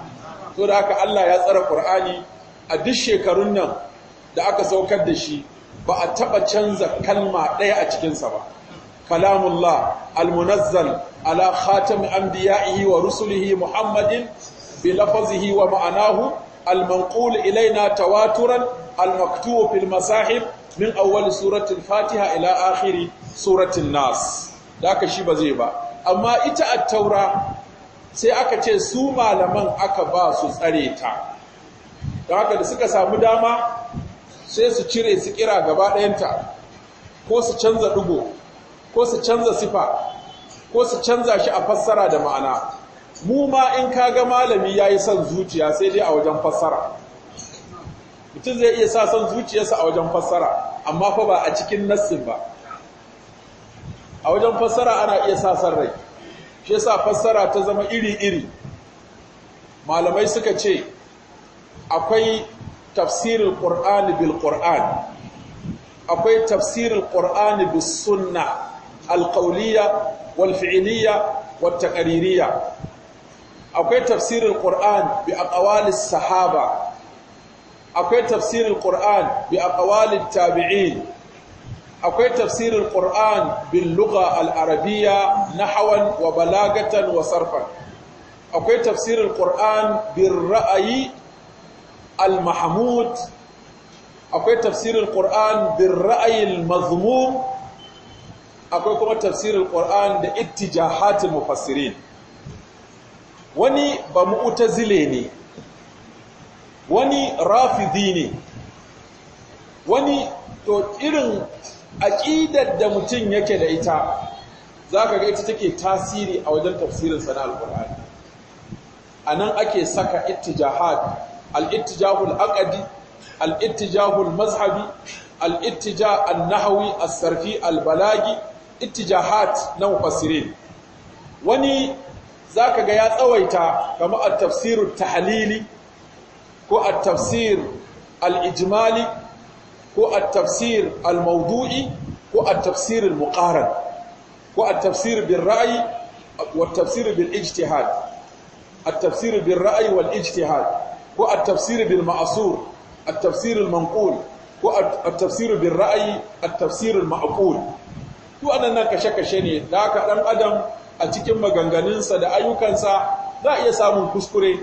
to da haka Allah ya tsara ƙur'ani a duk shekarun nan da aka saukar da shi ba a taɓa canza kalma ɗaya a cikinsa ba kalamullah almunazzal ala khatami anbiya'ihi wa rusulihi muhammadin bi lafazihi wa ma'anahu al-manqul ilaina tawaturan al-maktub masahib min awwal surati al-fatiha ila akhir surati an-nas daka shi ba zai ba amma ita at-taura sai aka ce su malaman aka ba su tsare ta don haka da suka samu dama sai su cire su kira gaba ɗayanta ko su canza ɗigo ko su canza sifa ko su canza shi a fassara da ma'ana mu ma in ka ga malami ya yi son zuciya sai dai a wajen fassara mutum zai iya sa son zuciyarsa a wajen fassara amma fa ba a cikin nassin ba a wajen fassara ana iya sa san rai shi yasa fassara ta zama iri-iri malamai suka ce akwai tafsirin ƙur'ani bil akwai tafsirin ƙur'ani bis sunna alƙauliya wal wata ƙaririya akwai tafsirin Qur'an bi aqwalis sahaba akwai tafsirin Qur'an bi aqwalit tabi'in akwai tafsirin Qur'an bin luga al'arabiya na hawan wa balagatan wa sarfan akwai tafsirin Qur'an bil ra'ayi al mahmud akwai tafsirin Qur'an bin ra'ayi mazmum akwai kuma tafsirin Qur'an da ittijahati mufassirin wani ba Zile ne wani rafizi ne wani to irin aƙidar da mutum yake da ita za ka ga ita take tasiri a wajen tafsirinsa na alƙur'ani a nan ake saka ittijahat al-ittijahul aqadi al mazhabi al-ittija an-nahwi sarfi al-balagi ittijahat na mufassirin wani za ka ga ya tsawaita kama a tafsirin tahalili ko a tafsir al'ijimali ko a tafsir al-maudu'i ko a tafsirin al ko a tafsir bin ra'ayi wa tafsir bin ijtihad a tafsir bin ra'ayi wal ijtihad ko a tafsir bin ma'asur a tafsir al-manqul ko a tafsir bin ra'ayi a tafsir al-ma'qul duk waɗannan kashe-kashe ne da ɗan adam a cikin maganganunsa da ayyukansa za a iya samun kuskure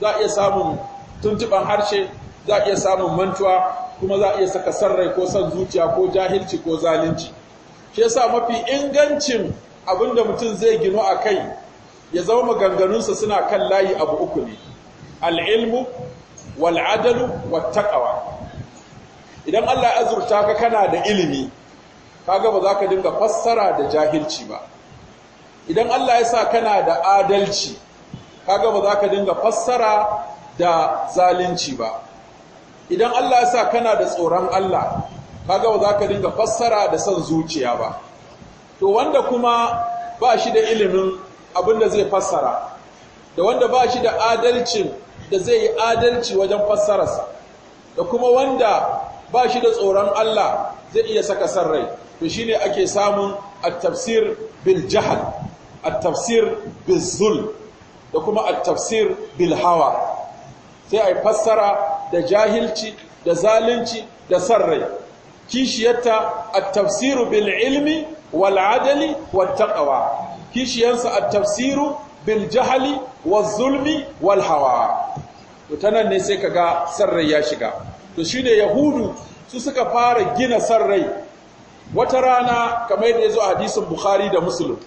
za a iya samun tuntuban harshe za a iya samun mantuwa kuma za a iya saka sarrai ko son zuciya ko jahilci ko zalunci shi yasa mafi ingancin da mutum zai gino a kai ya zama maganganunsa suna kan layi abu uku ne al'ilmu wal'adalu wattaƙawa idan Allah ya azurta ka kana da ilimi kaga ba za ka dinga fassara da jahilci ba idan Allah ya sa kana da adalci kaga ba za ka dinga fassara da zalunci ba idan Allah ya sa kana da tsoron Allah kaga ba za ka dinga fassara da son zuciya ba to wanda kuma ba shi da ilimin abin da zai fassara da wanda ba shi da adalcin da zai yi adalci wajen fassararsa da kuma wanda ba shi da tsoron Allah zai iya saka san rai to shine ake samun at-tafsir bil jahal at-tafsir bizul da kuma at-tafsir bil hawa sai ai fassara da jahilci da zalunci da sarrai kishiyarta a tafsiru bil ilmi wal adli wat kishiyarsa a tafsiru bil jahali, waz zulmi wal hawa to tanan ne sai kaga sarrai ya shiga to shine yahudu su suka fara gina sarrai wata rana kamar yadda ya zo a hadisin bukhari da muslim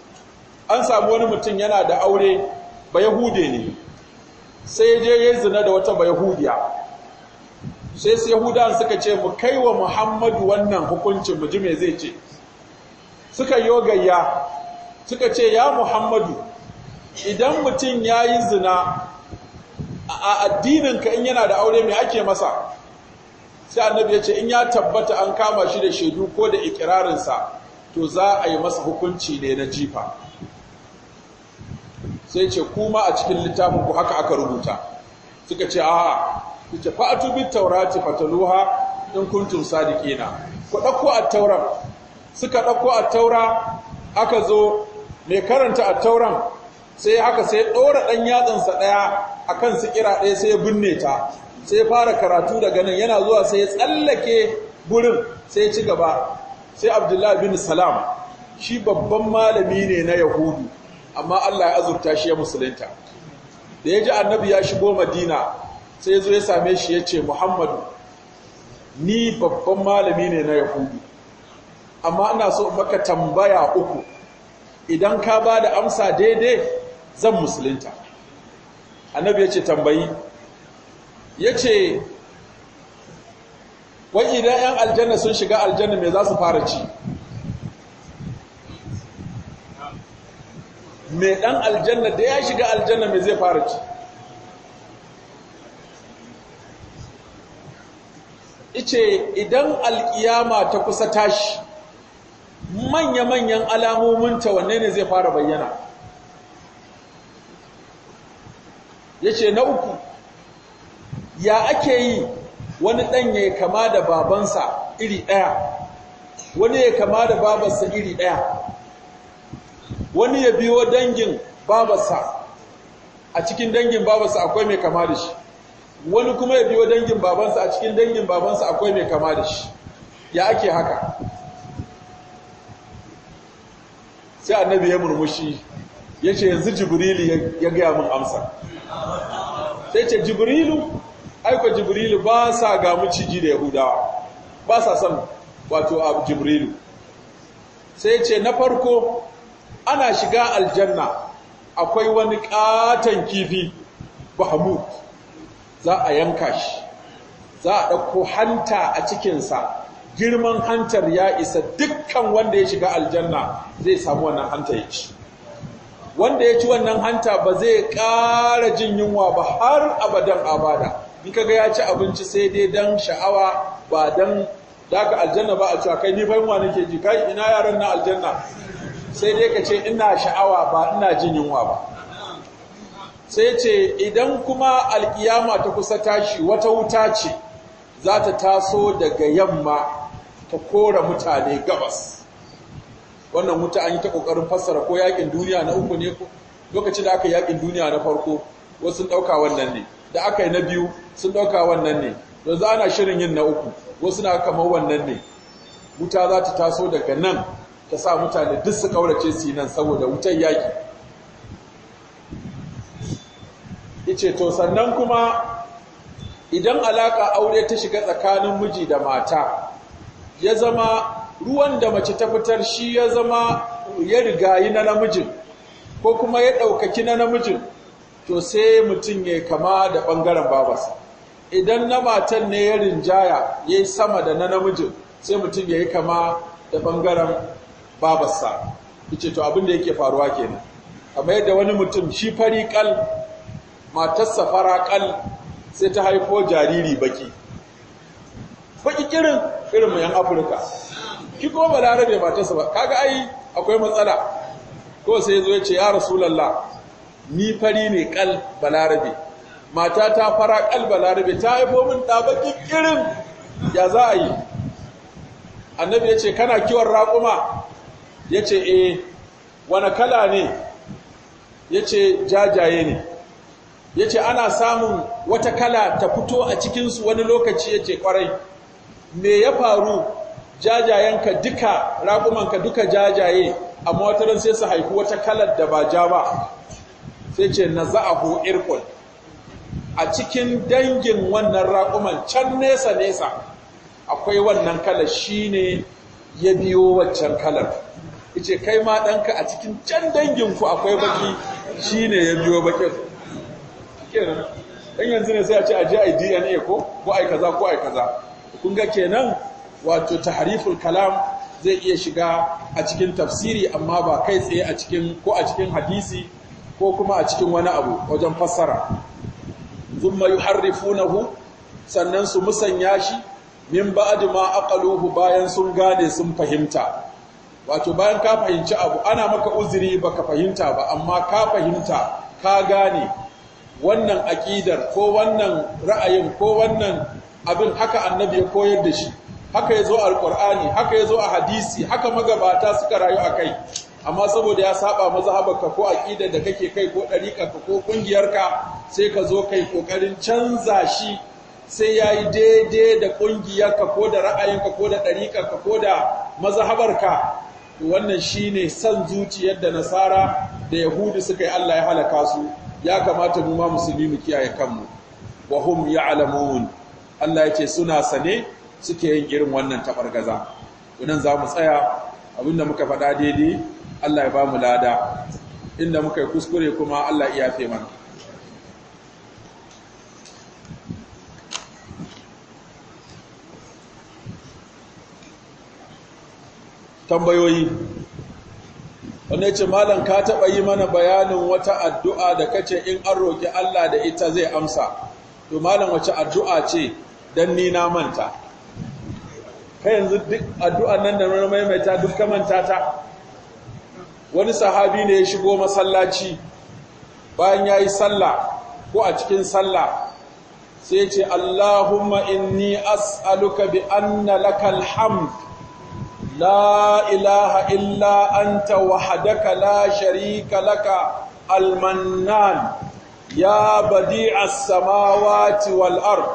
an samu wani mutum yana da aure ba yahude ne sai je ya zina da wata ba yahudiya sai su yahudan suka ce mu kai wa muhammadu wannan hukuncin mu ji mai zai ce suka yi ogayya suka ce ya muhammadu idan mutum ya yi zina a addininka in yana da aure mai ake masa sai annabi ya ce in ya tabbata an kama shi da shaidu ko da ikirarinsa to za a yi masa hukunci ne na jifa sai ce kuma a cikin littafin ku haka aka rubuta suka ce a ku ce fa'atu bit taurati fataluha in kuntum sadiqina ku dauko at-tauran suka dauko at-taura aka zo mai karanta at-tauran sai haka sai dora dan sa daya akan sikira daya sai ya binne ta sai fara karatu daga nan yana zuwa sai ya tsallake gurin sai ya ci gaba sai abdullahi bin salam shi babban malami ne na yahudu amma Allah ya azurta shi ya musulunta da ya ji annabi ya shigo madina sai ya zo ya same shi ya ce muhammadu ni babban malami ne na yahudu amma ina so maka tambaya uku idan ka ba da amsa daidai zan musulunta annabi ya ce tambayi ya ce wai idan 'yan aljanna sun shiga aljanna mai za su fara ci mai ɗan aljanna da ya shiga aljanna mai zai fara ci ice idan alkiyama ta kusa tashi manya-manyan alamominta wanne ne zai fara bayyana ya ce na uku ya ake yi wani ɗan ya kama da babansa iri ɗaya wani ya kama da babansa iri ɗaya wani ya biyo dangin babarsa a cikin dangin babarsa akwai mai kama da shi wani kuma ya biyo dangin babansa a cikin dangin babansa akwai mai kama da shi ya ake haka sai annabi ya murmushi ya ce yanzu jibrilu ya gaya min amsa sai ce jibrilu aiko jibrilu ba sa ga miciji da yahudawa ba sa son wato abu jibrilu sai ce na farko ana shiga aljanna akwai wani katon kifi bahmud za a yanka shi za a ɗauko hanta a cikinsa girman hantar ya isa dukkan wanda ya shiga aljanna zai samu wannan hanta ya ci wanda ya ci wannan hanta ba zai ƙara jin yunwa ba har abadan abada in kaga ya ci abinci sai dai dan sha'awa ba dan daga aljanna ba a cewa kai ni fa yunwa nake ji kai ina yaran na aljanna sai dai ka ce ina sha'awa ba ina jin yunwa ba sai ce idan kuma alkiyama ta kusa tashi wata wuta ce za ta taso daga yamma ta kora mutane gabas wannan wuta an yi ta kokarin fassara ko yakin duniya na uku ne lokacin da aka yakin duniya na farko wasu dauka wannan ne da aka yi na biyu sun dauka wannan ne za ana shirin yin na uku wasu na kamar wannan ne wuta za ta taso daga nan ta sa mutane duk su kaurace su yi nan saboda wutar yaki ice to sannan kuma idan alaka aure ta shiga tsakanin miji da mata ya zama ruwan da mace ta fitar shi ya zama ya rigayi na namijin ko kuma ya ɗaukaki na namijin to sai mutum ya kama da ɓangaren babasa idan na matan ne ya rinjaya ya yi sama da na namijin sai mutum ya yi kama da ɓangaren babarsa yace to abin da yake faruwa kenan amma yadda wani mutum shi fari kal matarsa fara kal sai ta haifo jariri baki baki kirin irin mu yan afirka ki kuma balarabe matarsa ba kaga ai akwai matsala ko sai zo ya ce ya rasulullah ni fari ne kal balarabe mata ta fara kal balarabe ta haifo min da baki kirin ya za a yi annabi ya ce kana kiwon raƙuma ya ce e eh, wani kala ne ya ce jajaye ne ya ce ana samun wata kala ta fito a cikinsu wani lokaci ya ce kwarai me ya faru jajayenka duka raƙumanka duka jajaye a wata sai su haiku wata kalar da ba ja ba sai ce na za a za'ahu irkul a cikin dangin wannan raƙuman can nesa-nesa akwai wannan kalar shi ne ya biyo waccan kalar ce kai ma ɗanka a cikin can danginku akwai baki shi ne ya biyo bakin kenan ɗan yanzu ne sai a ce a ji a dna ko ko ai kaza ko ai kaza kun ga kenan wato ta harifin kalam zai iya shiga a cikin tafsiri amma ba kai tsaye a cikin ko a cikin hadisi ko kuma a cikin wani abu wajen fassara zumma hu sannan su musanya shi min ba'd ma aqaluhu bayan sun gane sun fahimta wato bayan ka fahimci abu ana maka uzuri baka fahimta ba amma ka fahimta ka gane wannan aƙidar ko wannan ra'ayin ko wannan abin haka annabi ya koyar da shi haka ya zo alƙur'ani haka ya zo a hadisi haka magabata suka rayu a kai amma saboda ya saba mazhabarka ko aƙidar da kake kai ko ɗariƙarka ko ƙungiyarka sai ka zo kai ƙoƙarin canza shi sai ya yi daidai da ƙungiyarka ko da ra'ayinka ko da ɗariƙarka ko da mazhabarka to wannan ne son zuciyar da nasara da yahudu suka yi Allah ya halaka su ya kamata mu ma musulmi mu kiyaye kanmu wa hum ya'lamun Allah ya ce suna sane suke yin irin wannan tabargaza idan za mu tsaya abinda muka faɗa daidai Allah ya ba mu lada inda muka yi kuskure kuma Allah ya yafe mana tambayoyi wanda ce malam ka taɓa yi mana bayanin wata addu'a da kace in an roƙi Allah da ita zai amsa to malam wace addu'a ce don ni na manta ka yanzu duk addu'an nan da nuna maimaita duk ka manta ta wani sahabi ne ya shigo masallaci bayan ya yi sallah ko a cikin sallah sai ce Allahumma inni as'aluka bi anna lakal hamd لا إله إلا أنت وحدك لا شريك لك المنان يا بديع السماوات والأرض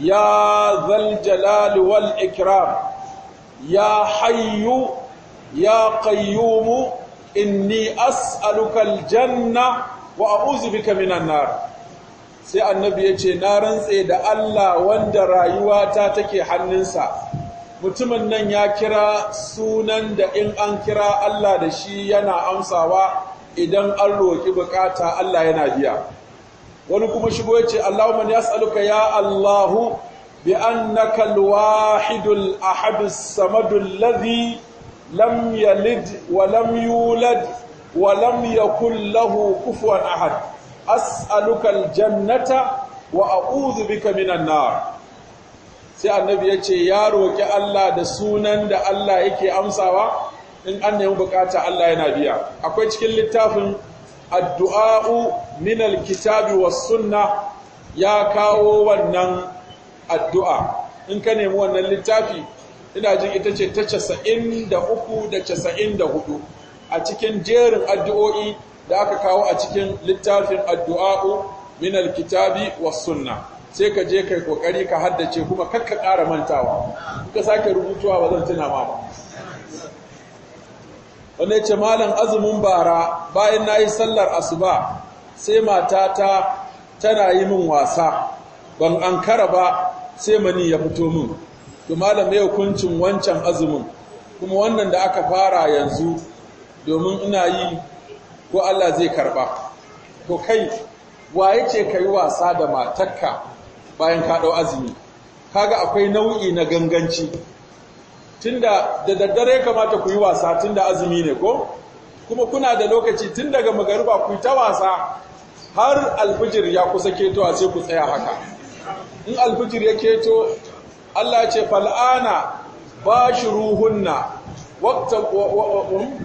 يا ذا الجلال والإكرام يا حي يا قيوم إني أسألك الجنة وأعوذ بك من النار sai annabi ya ce na rantse da Allah wanda rayuwata take hannunsa mutumin nan ya kira sunan da in an kira Allah da shi yana amsawa idan an roƙi bukata Allah yana biya wani kuma shigo ya ce Allahumma ya tsaluka ya Allahu bi annaka alwahidul ahadus samadul ladhi lam yalid wa lam yulad wa lam yakul lahu kufuwan ahad as'aluka jannata wa a'udhu bika minan nar sai annabi ya ce ya roƙi Allah da sunan da Allah yake amsawa in an nemi bukata Allah yana biya akwai cikin littafin addu'a'u min alkitabi was sunna ya kawo wannan addu'a in ka nemi wannan littafi ina jin ita ce ta casa'in da uku da casa'in a cikin jerin addu'o'i da aka kawo a cikin littafin addu'a'u min alkitabi was sunna sai ka je kai kokari ka haddace kuma kakka ƙara mantawa ka sake rubutuwa ba zan tuna ba wanda ya ce malam azumin bara bayan na yi sallar asuba sai matata tana yi min wasa ban an ba sai mani ya fito min to malam ya hukuncin wancan azumin kuma wannan da aka fara yanzu domin ina yi ko Allah zai karba to kai waye ce ka yi wasa da matakka bayan ka ɗau azumi kaga akwai nau'i na ganganci tunda da daddare kamata ku yi wasa da azumi ne ko kuma kuna da lokaci tun daga magariba ku ta wasa har alfijir ya kusa keto a sai ku tsaya haka in alfijir ya keto Allah ce fal'ana bashiruhunna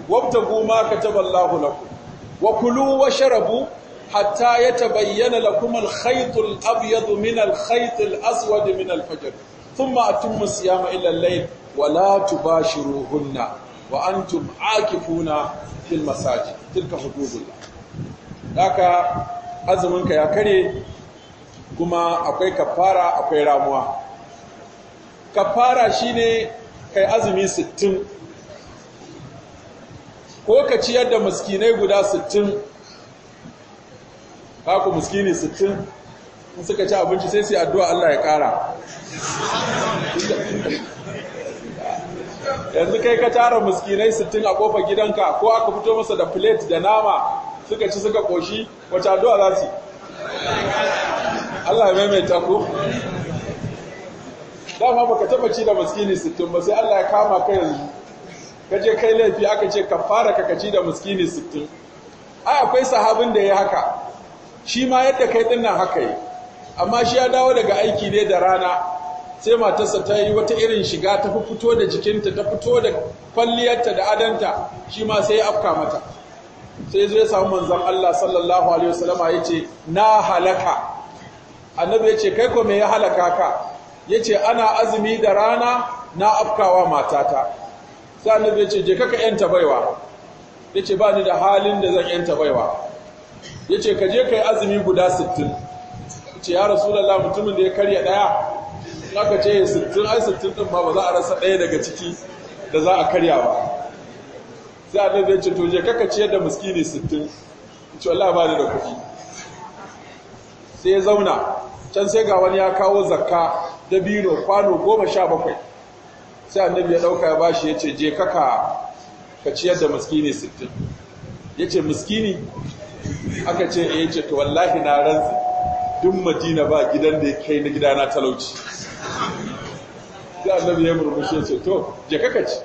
wabtagu ma kataballahu lakum wa kulu sharabu hatta ya ta bayyana al-khayt al-abyad min al-khayt al-aswad min al-fajr thumma atimmu as-siyama ila al-layl wa la tubashiruhunna wa antum aakifuna fil masajid tilka hududullah haka azuminka ya kare kuma akwai kafara akwai ramuwa kafara shine kai azumi sittin. ko ka ciyar da miskinai guda sittin. haku muskini 60 in suka ci abinci sai su yi addu'a Allah ya ƙara yanzu kai ka tara muskinai 60 a kofar gidanka ko aka fito masa da plate da nama suka ci suka koshi wata addu'a za su Allah ya maimaita ku dama baka taba ci da muskini 60 ba sai Allah ya kama ka yanzu ka je kai laifi aka ce ka fara kakaci da muskini 60 ai akwai sahabin da ya haka shi ma yadda kai dinnan haka yi amma shi ya dawo daga aiki ne da rana sai matarsa ta yi wata irin shiga ta fito da jikinta ta fito da kwalliyarta da adanta shi ma sai ya afka mata sai zai samu manzon Allah sallallahu alaihi ya ce na halaka annabi ce kai ko me ya halaka ka Ya ce ana azumi da rana na afkawa matata sai annabi ce je kaka yanta baiwa yace ba ni da halin da zan yanta baiwa ya ce ka je ka yi azumi guda 60 ce ya rasulallah mutumin da ya karya ɗaya aka ce 60 ai 60 din ba ba za a rasa daya daga ciki da za a karya ba sai a ɗaya ce to je kaka ciyar da muskini 60 ce Allah ba da kuɗi sai ya zauna can sai ga wani ya kawo zakka da biro kwano goma sha bakwai sai annabi ya ɗauka ya bashi ya ce je kaka ka ciyar da muskini 60 ya ce muskini aka ce a eh, yi to wallahi na ranzu duk madina ba gidan da ya kai na gidana talauci sai ya murmushi ya ce to je kaka ci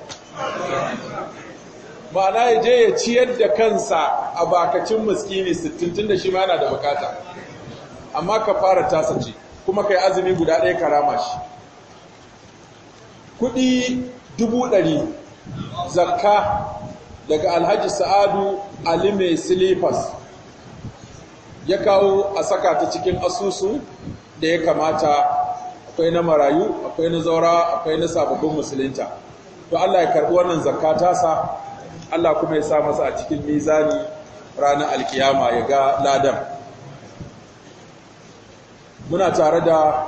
ma'ana ya je ya ciyar da kansa a bakacin muskini sittin tun da shi ma yana da bukata amma ka fara tasa ce kuma kai azumi guda ɗaya ka shi kuɗi dubu ɗari zakka daga alhaji sa'adu ali mai silifas ya kawo a saka ta cikin asusu da ya kamata akwai na marayu akwai na zaura akwai na sababbin musulunta to Allah ya karbi wannan zakata sa Allah kuma ya sa masa a cikin mizani ranar alkiyama ya ga ladan muna tare da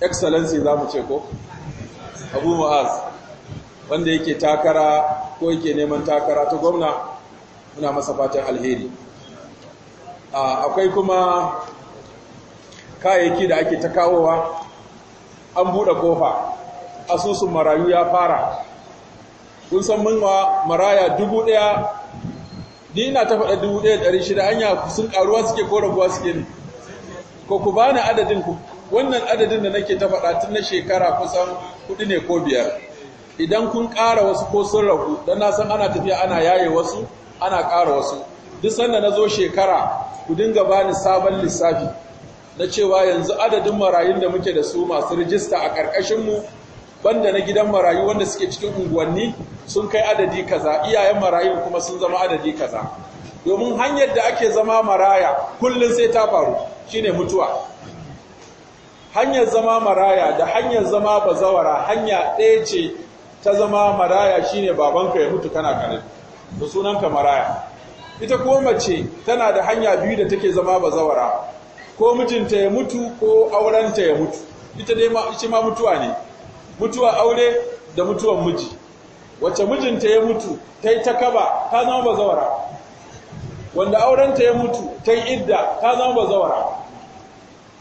excellency za mu ce ko abu mu'az wanda yake takara ko yake neman takara ta gwamna ina masa fatan alheri akwai kuma kayayyaki da ake ta kawowa an buɗe kofa asusun marayu ya fara kun san munwa maraya dubu ɗaya ni ina ta faɗa dubu ɗaya ɗari shida anya sun ƙaruwa suke ko raguwa suke ne ko ku bani adadin ku wannan adadin da nake ta faɗa tun na shekara kusan kuɗi ne ko biyar idan kun ƙara wasu ko sun ragu don na san ana tafiya ana yaye wasu ana ƙara wasu duk sanda na zo shekara ku dinga bani sabon lissafi na cewa yanzu adadin marayun da muke da su masu rijista a ƙarƙashin mu, banda na gidan marayu wanda suke cikin unguwanni sun kai adadi kaza iyayen marayun kuma sun zama adadi kaza domin hanyar da ake zama maraya kullum sai ta faru shine mutuwa hanyar zama maraya da hanyar zama bazawara hanya ɗaya ce ta zama maraya shine babanka ya mutu kana kanin da sunan maraya. ita kuma mace tana da hanya biyu da take zama bazawara ko mijinta ya mutu ko aurenta ya mutu ita dai ma ita ma mutuwa ne mutuwa aure da mutuwan miji wacce mijinta ya mutu ta yi ta kaba ta zama bazawara wanda aurenta ya mutu ta idda ta zama bazawara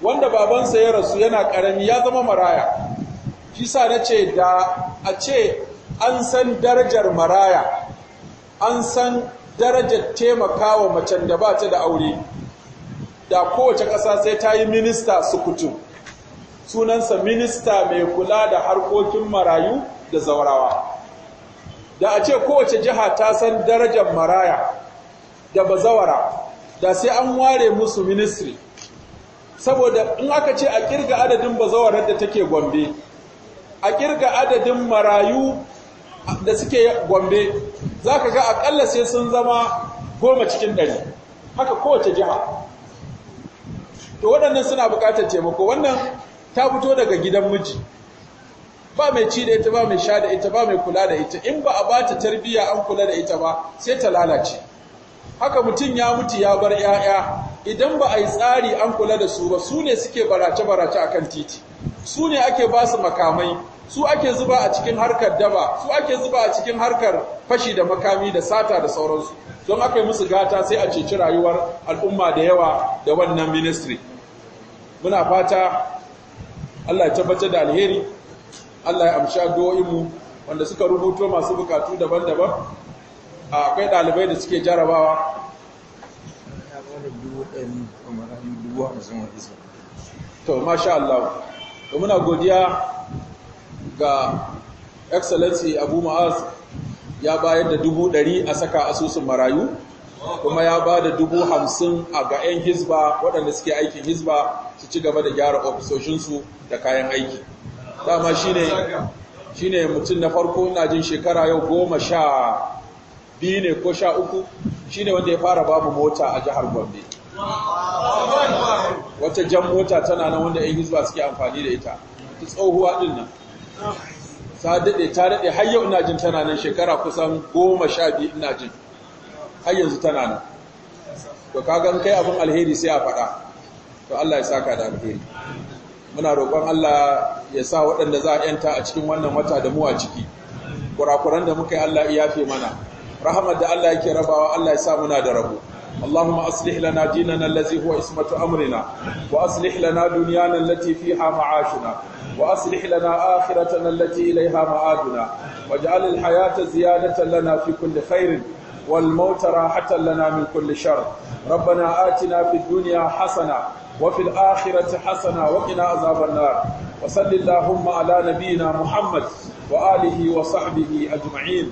wanda babansa ya rasu yana karami ya zama maraya shi sa na da a ce an san darajar maraya an san darajar taimakawa macen da ba ta da aure da kowace ƙasa sai ta yi minista su kutu, sunansa minista mai kula da harkokin marayu da zaurawa da a ce kowace jiha ta san darajar maraya da bazawara da sai an ware musu ministry saboda in aka ce a kirga adadin bazawarar da take gombe a kirga adadin marayu da suke gombe za ka ga akalla sai sun zama goma cikin ɗari haka kowace jiha to waɗannan suna buƙatar taimako wannan ta fito daga gidan miji ba mai ci da ita ba mai sha da ita ba mai kula da ita in ba a ba ta tarbiyya an kula da ita ba sai ta lalace haka mutum ya mutu ya bar 'ya'ya idan ba a yi tsari an kula da su ba su ne suke barace-barace a kan titi su ne ake ba su makamai su ake zuba a cikin harkar daba su ake zuba a cikin harkar fashi da makami da sata da sauransu don aka yi musu gata sai a ceci rayuwar al'umma da yawa da wannan ministry muna fata Allah ya tabbatar da alheri Allah ya amsha addu'o'inmu wanda suka rubuto masu bukatu daban-daban akwai ɗalibai da suke jarabawa to masha Allah to muna godiya ga excellency abu ma'az ya bayar da dubu ɗari a saka asusun marayu kuma ya ba da dubu hamsin a ga 'yan hizba waɗanda suke aikin hizba su ci gaba da gyara ofisoshinsu da kayan aiki dama shi ne mutum na farko na jin shekara yau goma sha biyu ne ko sha uku shi ne wanda ya fara babu mota a jihar gombe wata jan mota tana nan wanda 'yan hizba suke amfani da ita ta tsohuwa ɗin nan ta daɗe ta daɗe har yau ina jin tana nan shekara kusan goma sha biyu ina jin har yanzu tana nan to kagan kai abin alheri sai a faɗa to Allah ya saka da alheri muna roƙon Allah ya sa waɗanda za a yanta a cikin wannan wata da muwa a ciki kurakuran da muka yi Allah ya yafe mana rahamar da Allah yake rabawa Allah ya sa muna da rabo اللهم أصلح لنا ديننا الذي هو اسمة أمرنا وأصلح لنا دنيانا التي فيها معاشنا وأصلح لنا آخرتنا التي إليها معادنا واجعل الحياة زيادة لنا في كل خير والموت راحة لنا من كل شر ربنا آتنا في الدنيا حسنة وفي الآخرة حسنة وقنا عذاب النار وصل اللهم على نبينا محمد وآله وصحبه أجمعين